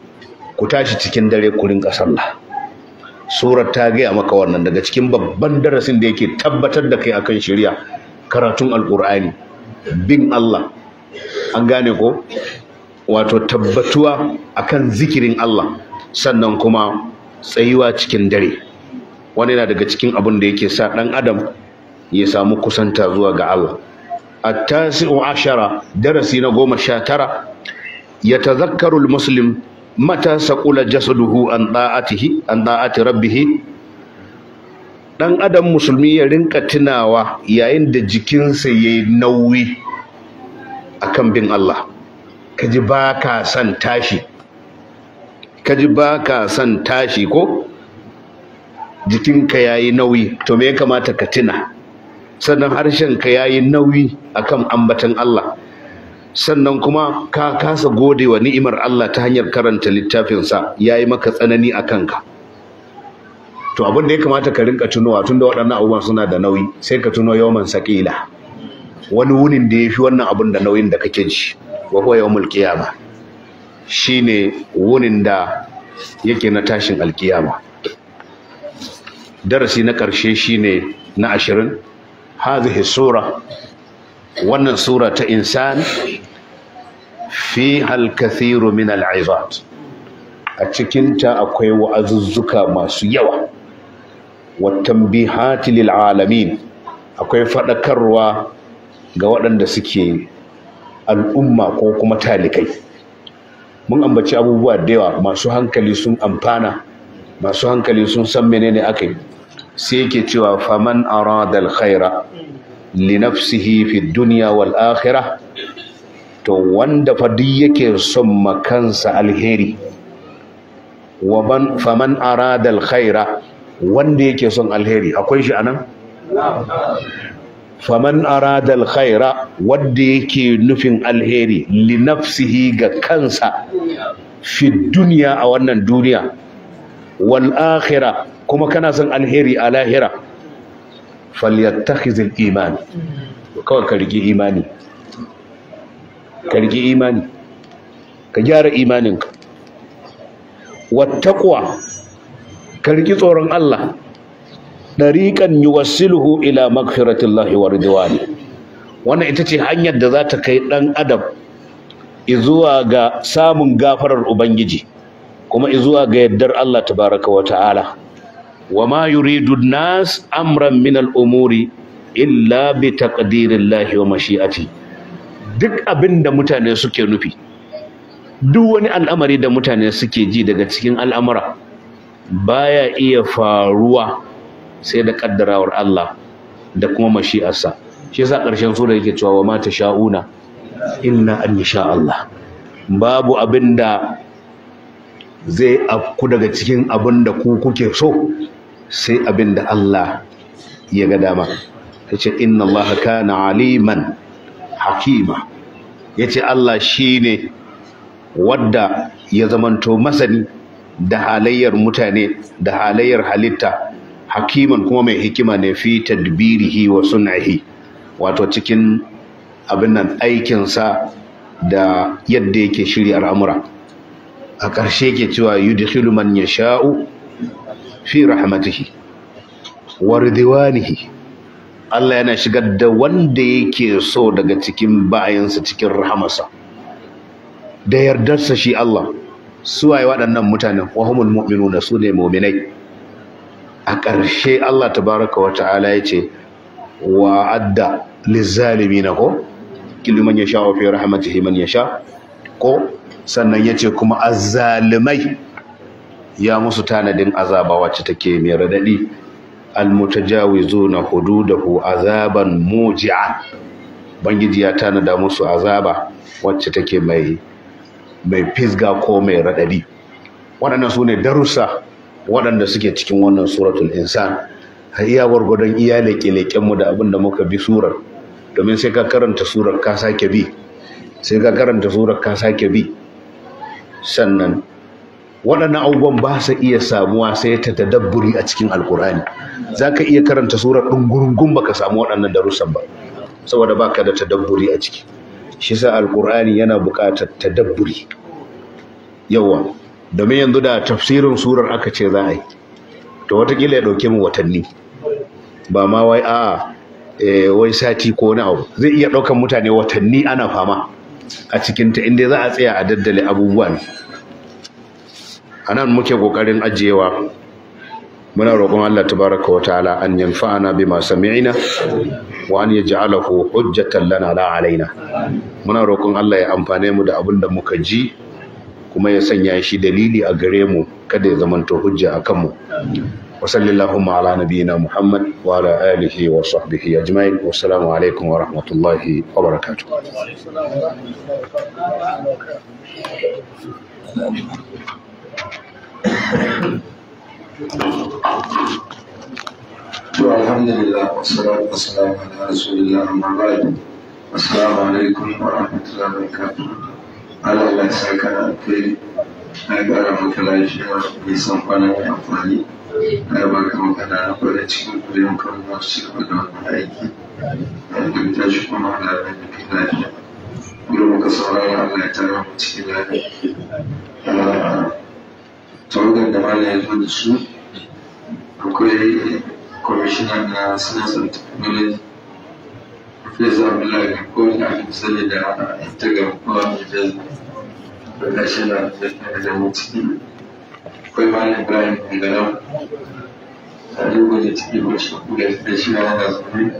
A: ku tashi cikin dare ku ƙasar sallah surar ta gaya maka wannan daga cikin babban darasin da yake tabbatar da kai akan shirya, karatun alqur'ani bin Allah an gane ko wato tabbatuwa akan zikirin Allah sannan kuma tsayuwa cikin dare wani na daga cikin abin da yake sa ɗan adam ya samu kusanta zuwa ga Allah ashara, na goma sha tara, الشاترة al-muslim mata saqula jasaduhu an da'atihi an da'ati rabbih dan adam musulmi ya rinka tunawa yayin da jikinsa yayi nauyi akan bin Allah kaji ji ba ka son tashi kaji ji ba ka son tashi ko jikinka ya yi nauyi to me ya kamata ka tuna sannan harshenka ya yi nauyi akan ambatan Allah sannan kuma ka kasa gode wa ni'imar Allah ta hanyar karanta littafinsa ya yi maka tsanani a kanka to abin da ya kamata ka rinka tunowa tunda waɗannan abubuwan suna da nauyi sai ka tuno yawan saƙila wani wunin da ya fi wannan abun da nauyin da kake ji wa huwa yawmul qiyama shine wunin da yake na tashin alkiyama darasi na ƙarshe shine na ashirin hadhihi sura wannan sura ta insan fiha al-kathiru min al-izat a cikinta akwai wa'azuzzuka masu yawa watambihati lil alamin akwai faɗakarwa ga waɗanda suke al'umma ko kuma talikai mun ambaci abubuwa da yawa masu hankali sun amfana masu hankali sun san menene aka yi sai yake cewa faman arada alkhaira li nafsihi fi dunya wal akhirah to wanda fa duk yake son makansa alheri wa man faman arada alkhaira wanda yake son alheri akwai shi anan faman arada alkhaira wanda yake nufin alheri li nafsihi ga kansa fi duniya a wannan duniya wal akhira kuma kana son alheri a lahira falyattakhizil iman kawai ka imani ka imani ka gyara imaninka wattaqwa ka rigi tsoron Allah dariqan yuwassiluhu ila maghfiratillahi wa ridwani wannan ita ce hanyar da za ta kai ɗan adam izuwa ga samun gafarar ubangiji kuma izuwa ga yaddar Allah tabaraka wa ta'ala wa ma yuridu nas amran min al-umuri illa bi taqdirillahi wa mashi'ati duk abinda mutane suke nufi duk wani al'amari da mutane suke ji daga cikin al'amura baya iya faruwa sai da kaddarawar Allah da kuma mashi'arsa shi yasa ƙarshen sura yake cewa wa ma sha'una. Inna an yasha Allah babu abinda zai afku daga cikin abin da ku kuke so sai abin da Allah ya ga dama tace inna Allah kana aliman hakima yace Allah shine wadda ya zamanto masani da halayyar mutane da halayyar halitta hakiman kuma mai hikima ne fi tadbirihi wa sunahi wato cikin abin nan aikinsa da yadda yake shirya al'amura a ƙarshe ke cewa yudkhilu man yasha'u fi rahmatihi wa ridwanihi Allah yana shigar da wanda yake so daga cikin bayansa cikin rahamarsa da yardarsa shi Allah suwaye waɗannan mutanen wahumul mu'minuna su ne mu'minai a ƙarshe Allah Ta Baraka wa ta'ala ya ce wa adda na ko kiliman ya sha wa fi rahmatihi himan ya sha ko sannan ya ce kuma azalimai ya musu tanadin azaba wacce take mai radadi da ku azaban muji'a. bangiji ya tanada musu azaba wacce take mai mai fisga ko mai radadi waɗannan su ne darussa waɗanda suke cikin wannan suratul insan har iya gwargwadon iya leƙe-leƙen da abin da muka bi surar domin sai ka karanta surar ka sake bi sai ka karanta surar ka sake bi sannan waɗannan abubuwan ba su iya samuwa sai ta tadabburi a cikin alkurani za ka iya karanta surar ɗungurungun ba ka samu waɗannan darussan ba saboda ba ka da tadabburi a ciki shi sa alkurani yana buƙatar tadabburi yawa domin yanzu da tafsirin surar aka ce za a yi to watakila ya ɗauke mu watanni ba ma wai a e, wai sati ko wani abu zai iya ɗaukan mutane watanni ana fama a cikinta inda za a tsaya a daddale abubuwan a nan muke ƙoƙarin ajiyewa muna roƙon Allah tabaraka wa ta'ala an yanfa'ana bima sami'ina wa an yaj'alahu hujjatan lana la alaina muna roƙon Allah ya amfane mu da abin da muka ji kuma ya sanya shi dalili a gare mu kada ya zamanto hujja a kanmu wa sallallahu ala nabiyina muhammad wa ala alihi wa sahbihi ajma'in wa assalamu alaikum wa rahmatullahi wa barakatuh
C: الحمد لله والصلاة
D: والسلام على رسول الله أما بعد السلام عليكم ورحمة الله وبركاته Ana ya saka na alkhairi na gara maka lafiya mai san kwana mai amfani na ya baka na farin cikin kudin kan masu cigaba da wannan aiki duk ta shi kuma Allah ya nufi lafiya gudu muka saurara Allah ya tara mu cikin lafiya ah, tawagar da malam ya zo da su akwai kwamishinan na science technology zai samu lafiya ko abin sani da ta gabuwa mai jan da shi na da ciki akwai ibrahim bangaram a dogo da ciki ba shi kuda da shi na yana akwai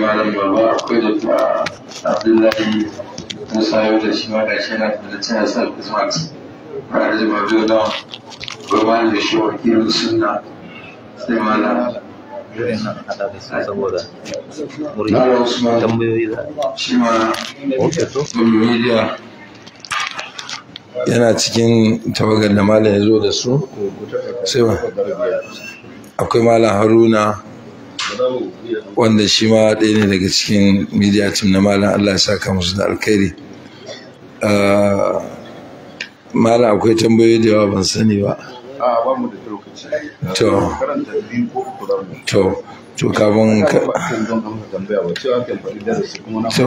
D: malam baba akwai da ta abdullahi musa yau da shi ma da na da cin asar kusurwa ba da jima biyu da akwai malam da shi yana cikin tawagar da malam ya zo da su sai ba akwai malam haruna wanda shi ma ɗaya ne daga cikin media team na malam allah ya saka musu da alkhairi ah, malam akwai tambayoyi da yawa ban sani ba
A: ah, to
D: to to kafin
A: karanta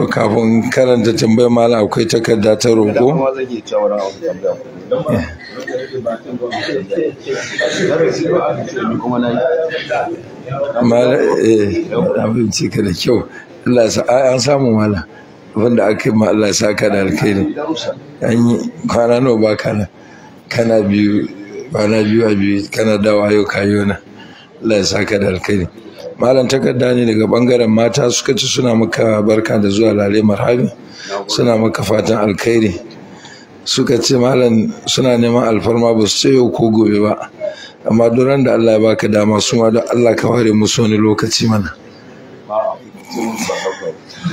A: kafin
D: karanta tambayar akwai takarda ta roƙo
C: mala eh
D: ka da kyau Allah sa an samu mala wanda aka yi Allah sa ka da alkhairi an yi kwana nawa ba kana kana biyu kwana biyu a biyu kana dawa yau kayo na Allah ya saka da alkhairi malam takarda ne daga bangaren mata suka ci suna maka barka da zuwa lare marhabi suna maka fatan alkhairi suka ce malam suna neman alfarma ba su ce yau ko gobe ba amma duran da Allah ya baka dama su ma don Allah ka ware musu wani lokaci mana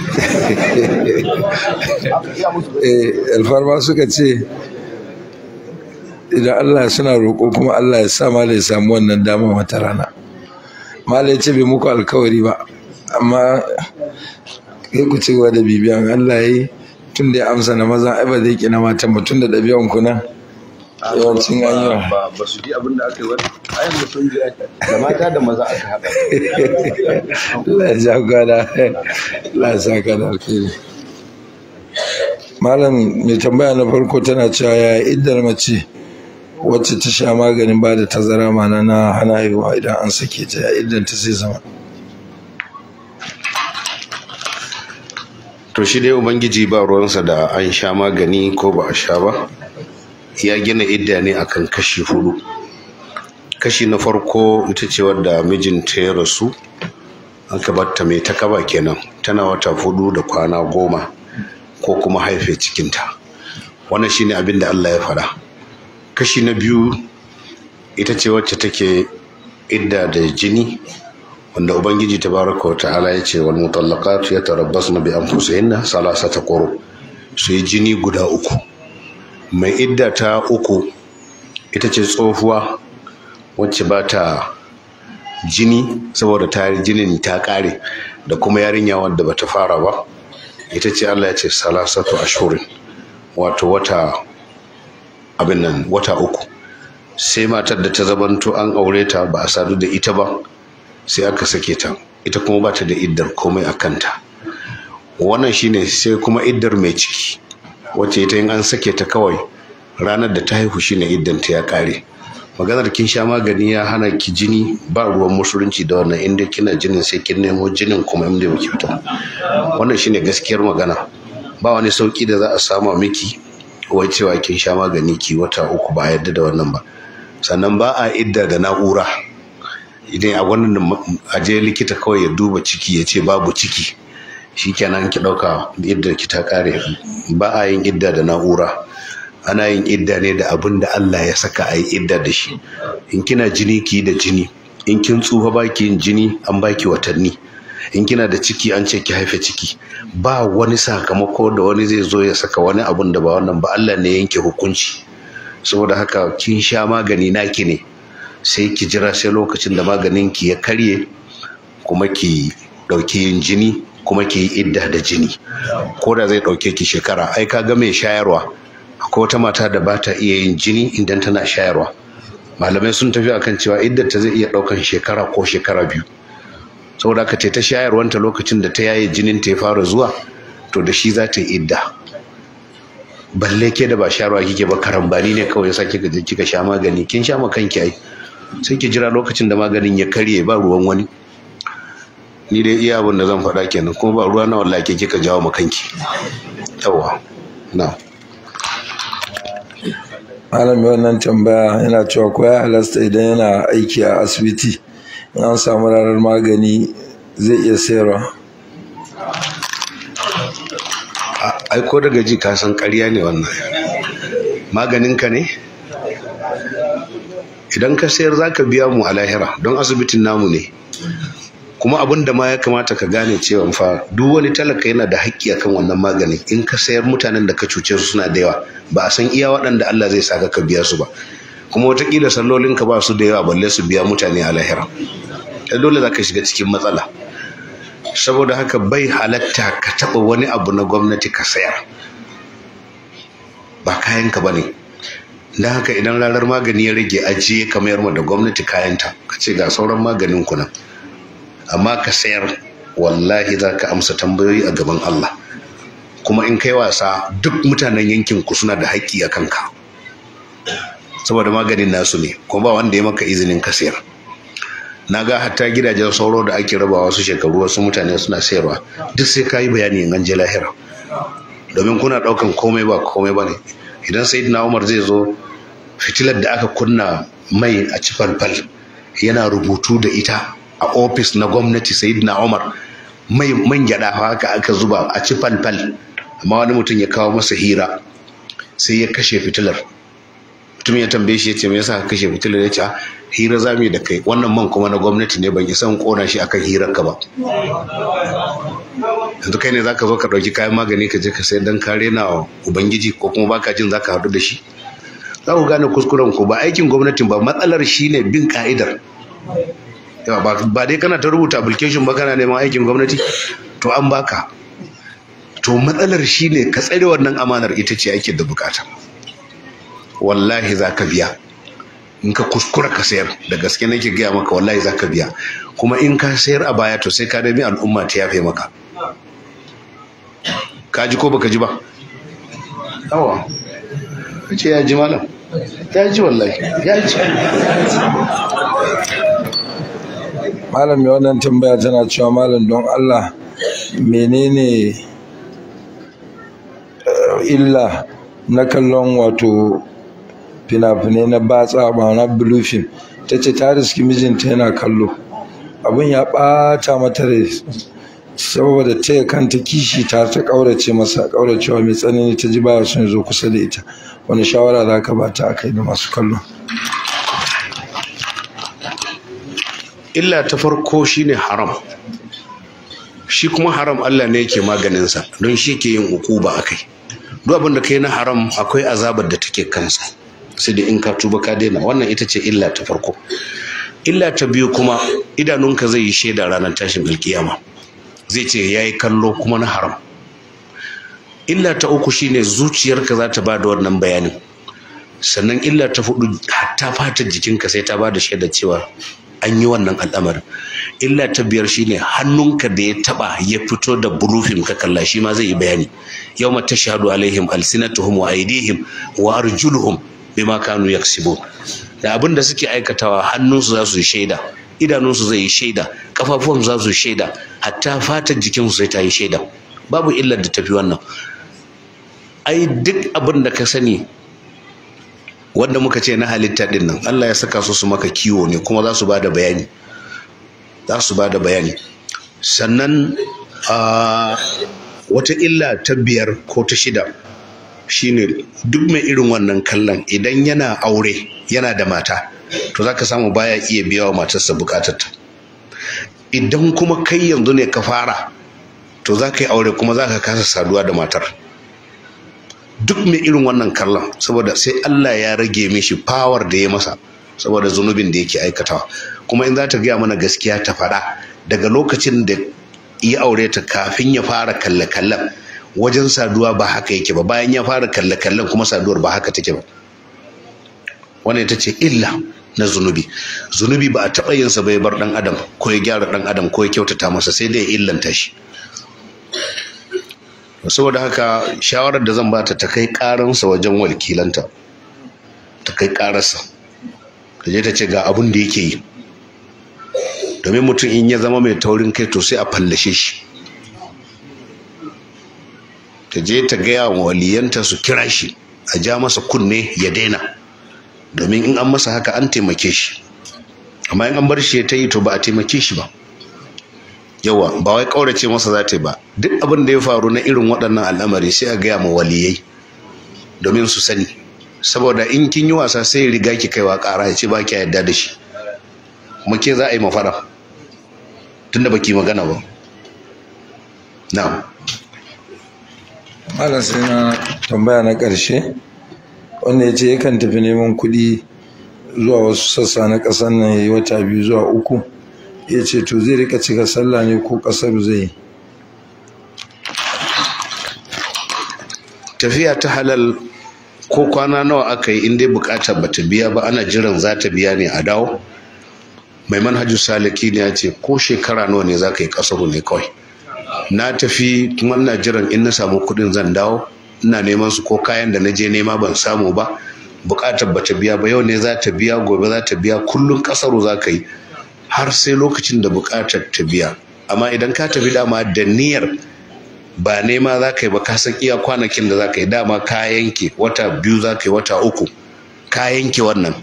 D: eh, alfarma suka ce idan Allah suna roƙo kuma Allah ya sa mala ya samu wannan dama wata rana mala ya ce bai muku alkawari ba amma sai ku ci da bibiyan Allah ya yi tun da ya amsa na maza ai ba zai ki na matan ba tun da ɗabi'an ku nan yawancin ayyuka
A: ba su ji abin da aka yi wani ayan da sun ji da mata da maza aka haɗa Allah
D: ya ja gada Allah ya sa ka da alkhairi malam mai tambaya na farko tana cewa ya iddar mace wacce ta sha maganin ba da tazara mana na hana haihuwa idan an sake ta ya idan ta zai zama
A: to shi dai ubangiji ba ruwansa da an sha magani ko ba a sha ba ya gina idda ne akan kashi hudu kashi na farko ita ce wadda mijinta ya rasu ka batta mai ta kaba kenan tana wata hudu da kwana goma ko kuma haife cikinta wannan shine abin da allah ya faɗa kashi na biyu ita ce wacce take idda da jini wanda ubangiji ta wa ta'ala ya ce wal tarabbas na bi anfusihinna salasata quru su yi jini guda uku mai idda ta uku ita ce tsohuwa wacce ba ta jini saboda ta jinin ta kare da kuma yarinya wadda bata fara ba ita ce Allah ya ce salasatu ashurin wato wata abin nan wata uku sai matar da ta zamanto an aure ta ba a sadu da ita ba sai aka sake ta ita kuma ba ta da iddar komai a kanta wannan shine sai kuma iddar mai ciki wacce ita in an sake ta kawai ranar da ta haihu shine iddan ta ya kare maganar kin sha magani ya hana ki jini ba ruwan musulunci da wannan inda kina jinin sai kin nemo jinin kuma inda muke kyauta wannan shine gaskiyar magana ba wani sauki da za a sama miki wai cewa kin sha magani ki wata uku ba yadda da wannan ba sannan ba a idda da na'ura idan a wannan aje likita kawai ya duba ciki ya ce babu ciki shikenan ki ɗauka idda ki ta kare ba a yin idda da na'ura ana yin idda ne da abin da Allah ya saka a yi idda da shi in kina jini ki da jini in kin tsufa baki yin jini an baki watanni in kina da ciki an ce ki haife ciki ba wani sakamako da wani zai zo ya saka wani abun da ba wannan ba Allah ne yanke hukunci saboda haka kin sha magani naki ne sai ki jira sai lokacin da maganin ki ya karye kuma ki dauki yin jini kuma ki yi idda da jini ko da zai dauke ki shekara ai ka ga mai shayarwa akwai wata mata da ba ta iya yin jini idan tana shayarwa malamai sun tafi akan cewa idda ta zai iya daukan shekara ko shekara biyu saboda ka ce ta shayarwanta lokacin da ta yaye jinin ta ya fara zuwa to da shi za ta yi idda balle ke da ba shayarwa kike ba karambani ne kawai yasa kika je kika sha magani kin sha ma kanki ai sai ki jira lokacin da maganin ya karye ba ruwan wani ni dai iya abin da zan faɗa kenan kuma ba ruwa na wallahi ke kika jawo ma kanki yawa na
D: malami wannan tambaya yana cewa ko ya halasta idan yana aiki a asibiti an samu ranar magani zai iya
A: sayarwa ai ko daga ji ka san ƙarya ne wannan maganinka ne idan ka sayar za ka biya mu a lahira don asibitin namu ne kuma abin da ma ya kamata ka gane cewa fa duk wani talaka yana da haƙƙi kan wannan magani in ka sayar mutanen da ka cuce su suna da yawa ba a san iya waɗanda Allah zai saka ka biya su ba kuma watakila sallolinka ba su da yawa balle su biya mutane a lahira dole za ka shiga cikin matsala saboda haka bai halatta ka taɓa wani abu na gwamnati ka sayar ba kayanka ba ne don haka idan ranar magani ya rage ajiye ka mayar da gwamnati kayanta ka ce ga sauran maganin kuna amma ka sayar wallahi za ka amsa tambayoyi a gaban Allah kuma in kai wasa duk mutanen yankin ku suna da haƙƙi a kanka saboda maganin nasu ne kuma ba wanda ya maka izinin ka sayar na ga hatta gidajen sauro da ake raba wasu shekaru wasu mutane suna sayarwa duk sai ka yi bayani an je lahira domin kuna ɗaukan komai ba komai bane. idan sai umar zai zo fitilar da aka kunna mai a ci yana rubutu da ita a ofis na gwamnati Sayyidina umar mai man gyada haka aka zuba a cifalfal amma wani mutum ya kawo masa hira sai ya kashe fitilar mutum ya tambaye shi ya ce me yasa ka kashe mutum ya ce hira za mu yi da kai wannan man kuma na gwamnati ne ban isa in kona shi akan hirar ka ba yanzu kai ne zaka zo ka dauki kayan magani ka je ka sai dan kare na ubangiji ko kuma baka jin zaka hadu da shi za ku gane kuskuren ku ba aikin gwamnatin ba matsalar shi ne bin ka'idar ba dai kana ta rubuta application ba kana neman aikin gwamnati to an baka to matsalar shi ne ka tsare wannan amanar ita ce ake da bukata wallahi za ka biya in ka kuskura ka sayar da gaske nake gaya maka wallahi za ka biya kuma in ka sayar a baya to sai ka nemi al'umma ta yafe maka ka ji ko baka ji ba awa ce ya ji malam ya ji wallahi ya ji
D: malam mai wannan tambaya tana cewa malam don allah menene eh, illa na kallon wato fina-finai na batsa ma'ana blue film ta ce ta riski mijinta yana kallo abin ya ɓata mata rai saboda taya kanta kishi ta ta ƙaurace masa ƙauracewa mai tsanani ta ji baya sun zo kusa da ita wani shawara za ka bata a kai da masu kallo
A: illa ta farko shine haram shi kuma haram Allah ne yake maganinsa don shi ke yin ba a kai duk abin da kai na haram akwai azabar da take kansa sai da in ka tuba ka daina wannan ita ce illa ta farko illa ta biyu kuma idanunka zai yi shaida ranar tashin alkiyama zai ce ya yi kallo kuma na haram illa ta uku shine zuciyarka za ta ba da wannan bayanin sannan illa ta hudu hatta fata jikinka sai ta ba da shaida cewa an yi wannan al'amarin illa ta biyar shine hannunka da ya taba ya fito da bulufin ka kalla shi ma zai yi bayani yau ma ta shahadu alaihim alsinatuhum wa aidihim wa arjuluhum bima kanu yaksibu da abin da suke aikatawa hannunsu za su yi shaida idanunsu zai yi shaida kafafuwansu za su yi shaida hatta fatan jikinsu zai ta yi shaida babu illar da tafi wannan ai duk abin da ka sani wanda muka ce na halitta din nan Allah ya saka su su maka kiwo ne kuma za su ba da bayani za su ba da bayani sannan ah, wata illa ta biyar ko ta shida shine duk mai irin wannan kallon idan yana aure yana da mata to zaka samu baya iya biya wa matarsa bukatarta idan kuma kai yanzu ne ka fara to za ka yi aure kuma za ka kasa saduwa da matar duk mai irin wannan kallon saboda sai Allah ya rage mishi fawar da ya masa saboda zunubin da yake aikatawa kuma in za ta gaya mana gaskiya ta faɗa daga lokacin da ya aure ta kafin ya fara kalle-kallen wajen saduwa ba haka yake ba bayan ya fara kalle-kallen kuma saduwar ba haka take ba wannan ita ce illa na zunubi zunubi ba a taɓa yin sa bai bar ɗan adam ko ya gyara ɗan adam ko ya kyautata masa sai dai ya illanta shi saboda haka shawarar da zan ba ta kai ƙaransa wajen walkilanta ta kai ƙararsa ta ta ce ga abin da yake yi domin mutum in ya zama mai taurin kai to sai a fallashe shi ta je ta gaya wa waliyanta su kira shi a ja masa kunne ya daina domin in an masa haka an taimake shi amma in an bar shi ta yi to ba a taimake shi ba yawa ba wai ƙaurace masa za ta yi ba duk abin da ya faru na irin waɗannan al'amari sai a gaya ma waliyai domin su sani saboda in kin yi wasa sai riga ki kaiwa ƙara ya ce ba ki yadda da shi kuma ke za a yi mafara tunda baki magana ba na'am malam sai na tambaya
D: na ƙarshe wanda ya ce yakan tafi neman kuɗi zuwa wasu sassa na ƙasar nan ya yi wata biyu zuwa uku ya ce to zai rika cika sallah ne ko ƙasar
A: zai tafiya ta halal ko kwana nawa aka yi inda bukatar ba ta biya ba ana jiran za ta biya ne a dawo mai manhajar saliki ne ya ce ko shekara nawa ne za ka yi ƙasar ne kawai na tafi kuma ina jiran in na samu kuɗin zan dawo ina neman su ko kayan da na je nema ban samu ba buƙatar bata biya ba yau ne za ta biya gobe za ta biya kullum ƙasaro za ka yi har sai lokacin da buƙatar ta biya amma idan ka tafi dama da niyyar ba nema za ka yi ba ka san iya kwanakin da za ka yi dama ka yanke wata biyu za ka yi wata uku ka yanke wannan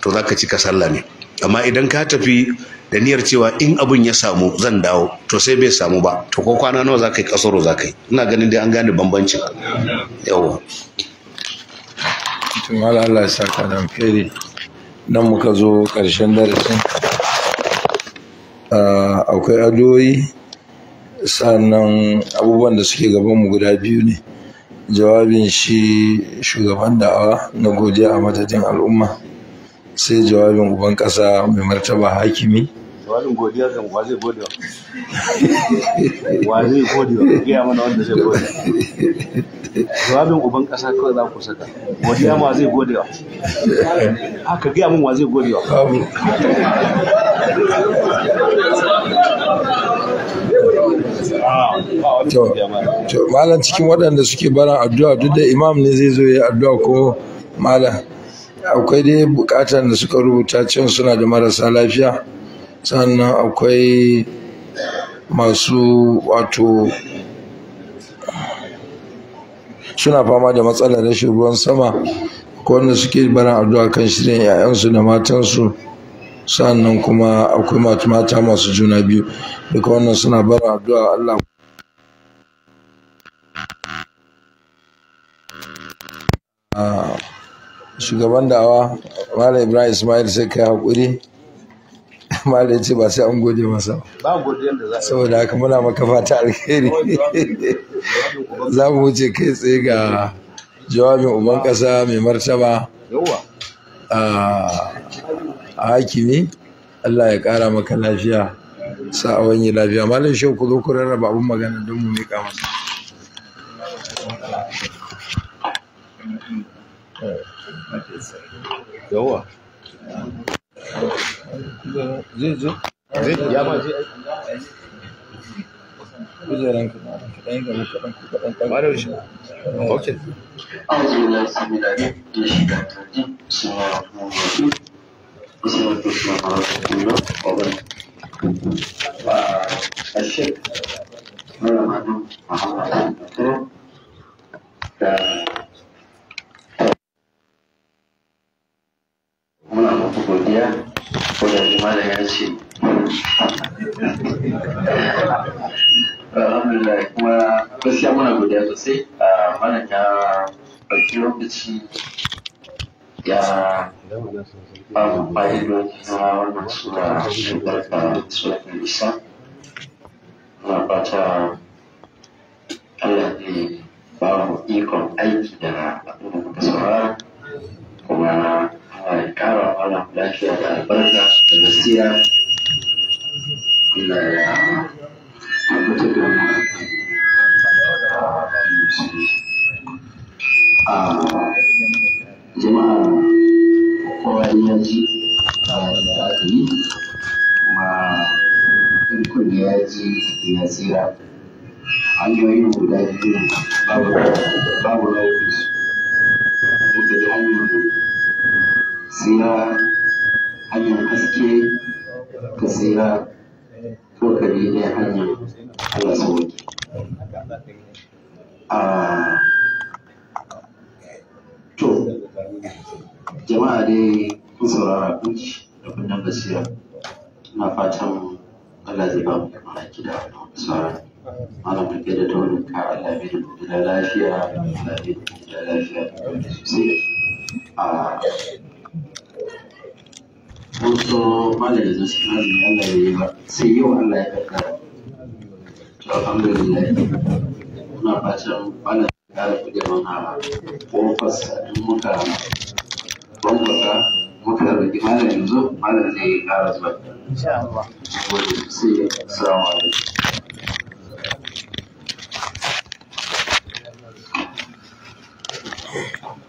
A: to za ka cika sallah ne amma idan ka tafi da niyyar cewa in abin ya samu zan dawo to sai bai samu ba to ko kwana nawa za yi kasoro za ina ganin dai an gane bambancin yawa
D: tumala Allah ya saka nan fere dan muka zo ƙarshen darasin ah, akwai adoyi sannan abubuwan da suke gaban mu guda biyu ne jawabin shi shugaban da'awa na godiya a madadin al'umma sai jawabin uban ƙasa mai martaba hakimi
A: jawabin godiya kan wa zai gode wa wa zai gode wa gaya mana wanda zai gode jawabin uban kasa kawai za ku saka ma zai gode wa haka gaya mun wa zai gode wa
D: malam cikin waɗanda suke bara addu'a duk da imam ne zai zo ya addu'a ko malam akwai dai bukatar da suka rubuta cewa suna da marasa lafiya sannan akwai masu wato suna fama da matsalar rashin ruwan sama ko wanda suke barin addu'a kan shirin 'ya'yansu da matansu sannan kuma akwai mata masu juna biyu duka wannan suna barin addu'a Allah ah, shugaban dawa Malam Ibrahim Ismail sai kai hakuri. malin ce ba sai an gode masa
A: ba da
D: saboda haka muna maka fata alheri za mu wuce kai tsaye ga jawabin uban kasa mai martaba a hakimi Allah ya kara maka lafiya sa'awan yi lafiya malam shi ku zo ku rarraba abin magana don mu miƙa masa Zil zil. Zil yapma zil. Güzel renk var. En güzel renk var. Var ya bir şey. Okey. Bismillahirrahmanirrahim. Bismillahirrahmanirrahim. Bismillahirrahmanirrahim.
C: Bismillahirrahmanirrahim. Bismillahirrahmanirrahim. Bismillahirrahmanirrahim. Bismillahirrahmanirrahim. malam ya ce alhamdulillah kuma gaskiya muna godiya sosai a ah, mana ya ɗauki lokaci ya bamu fa'idoji na wannan sura albarka suratun isa muna fata Allah ne ba mu ikon aiki da abin da kuma a ya ƙara mana lafiya da albarka
D: da gaskiya Allah ya tabbatar da
C: mu a jama'a kowa ya ji da aka yi kuma dukkan da ya ji ya tsira hanyoyin guda biyu babu babu lokaci duk da hanyar tsira hanyar haske ka tsira ko ka hanyar Allah sauki ah, to jama'a dai kun saurara kun ci da kunnen basira na fatan Allah zai ba mu kamar gida da saurara malam da ke da taurin ka Allah bai da gida lafiya Allah bai da gida lafiya sosai an so malami da su nazari Allah ya yi ba sai yau Allah ya karkara to alhamdulillah muna fatan bana kare kudi man hawa ko fasa in muka bambata muka rage yanzu zai yi kara zuwa Thank you.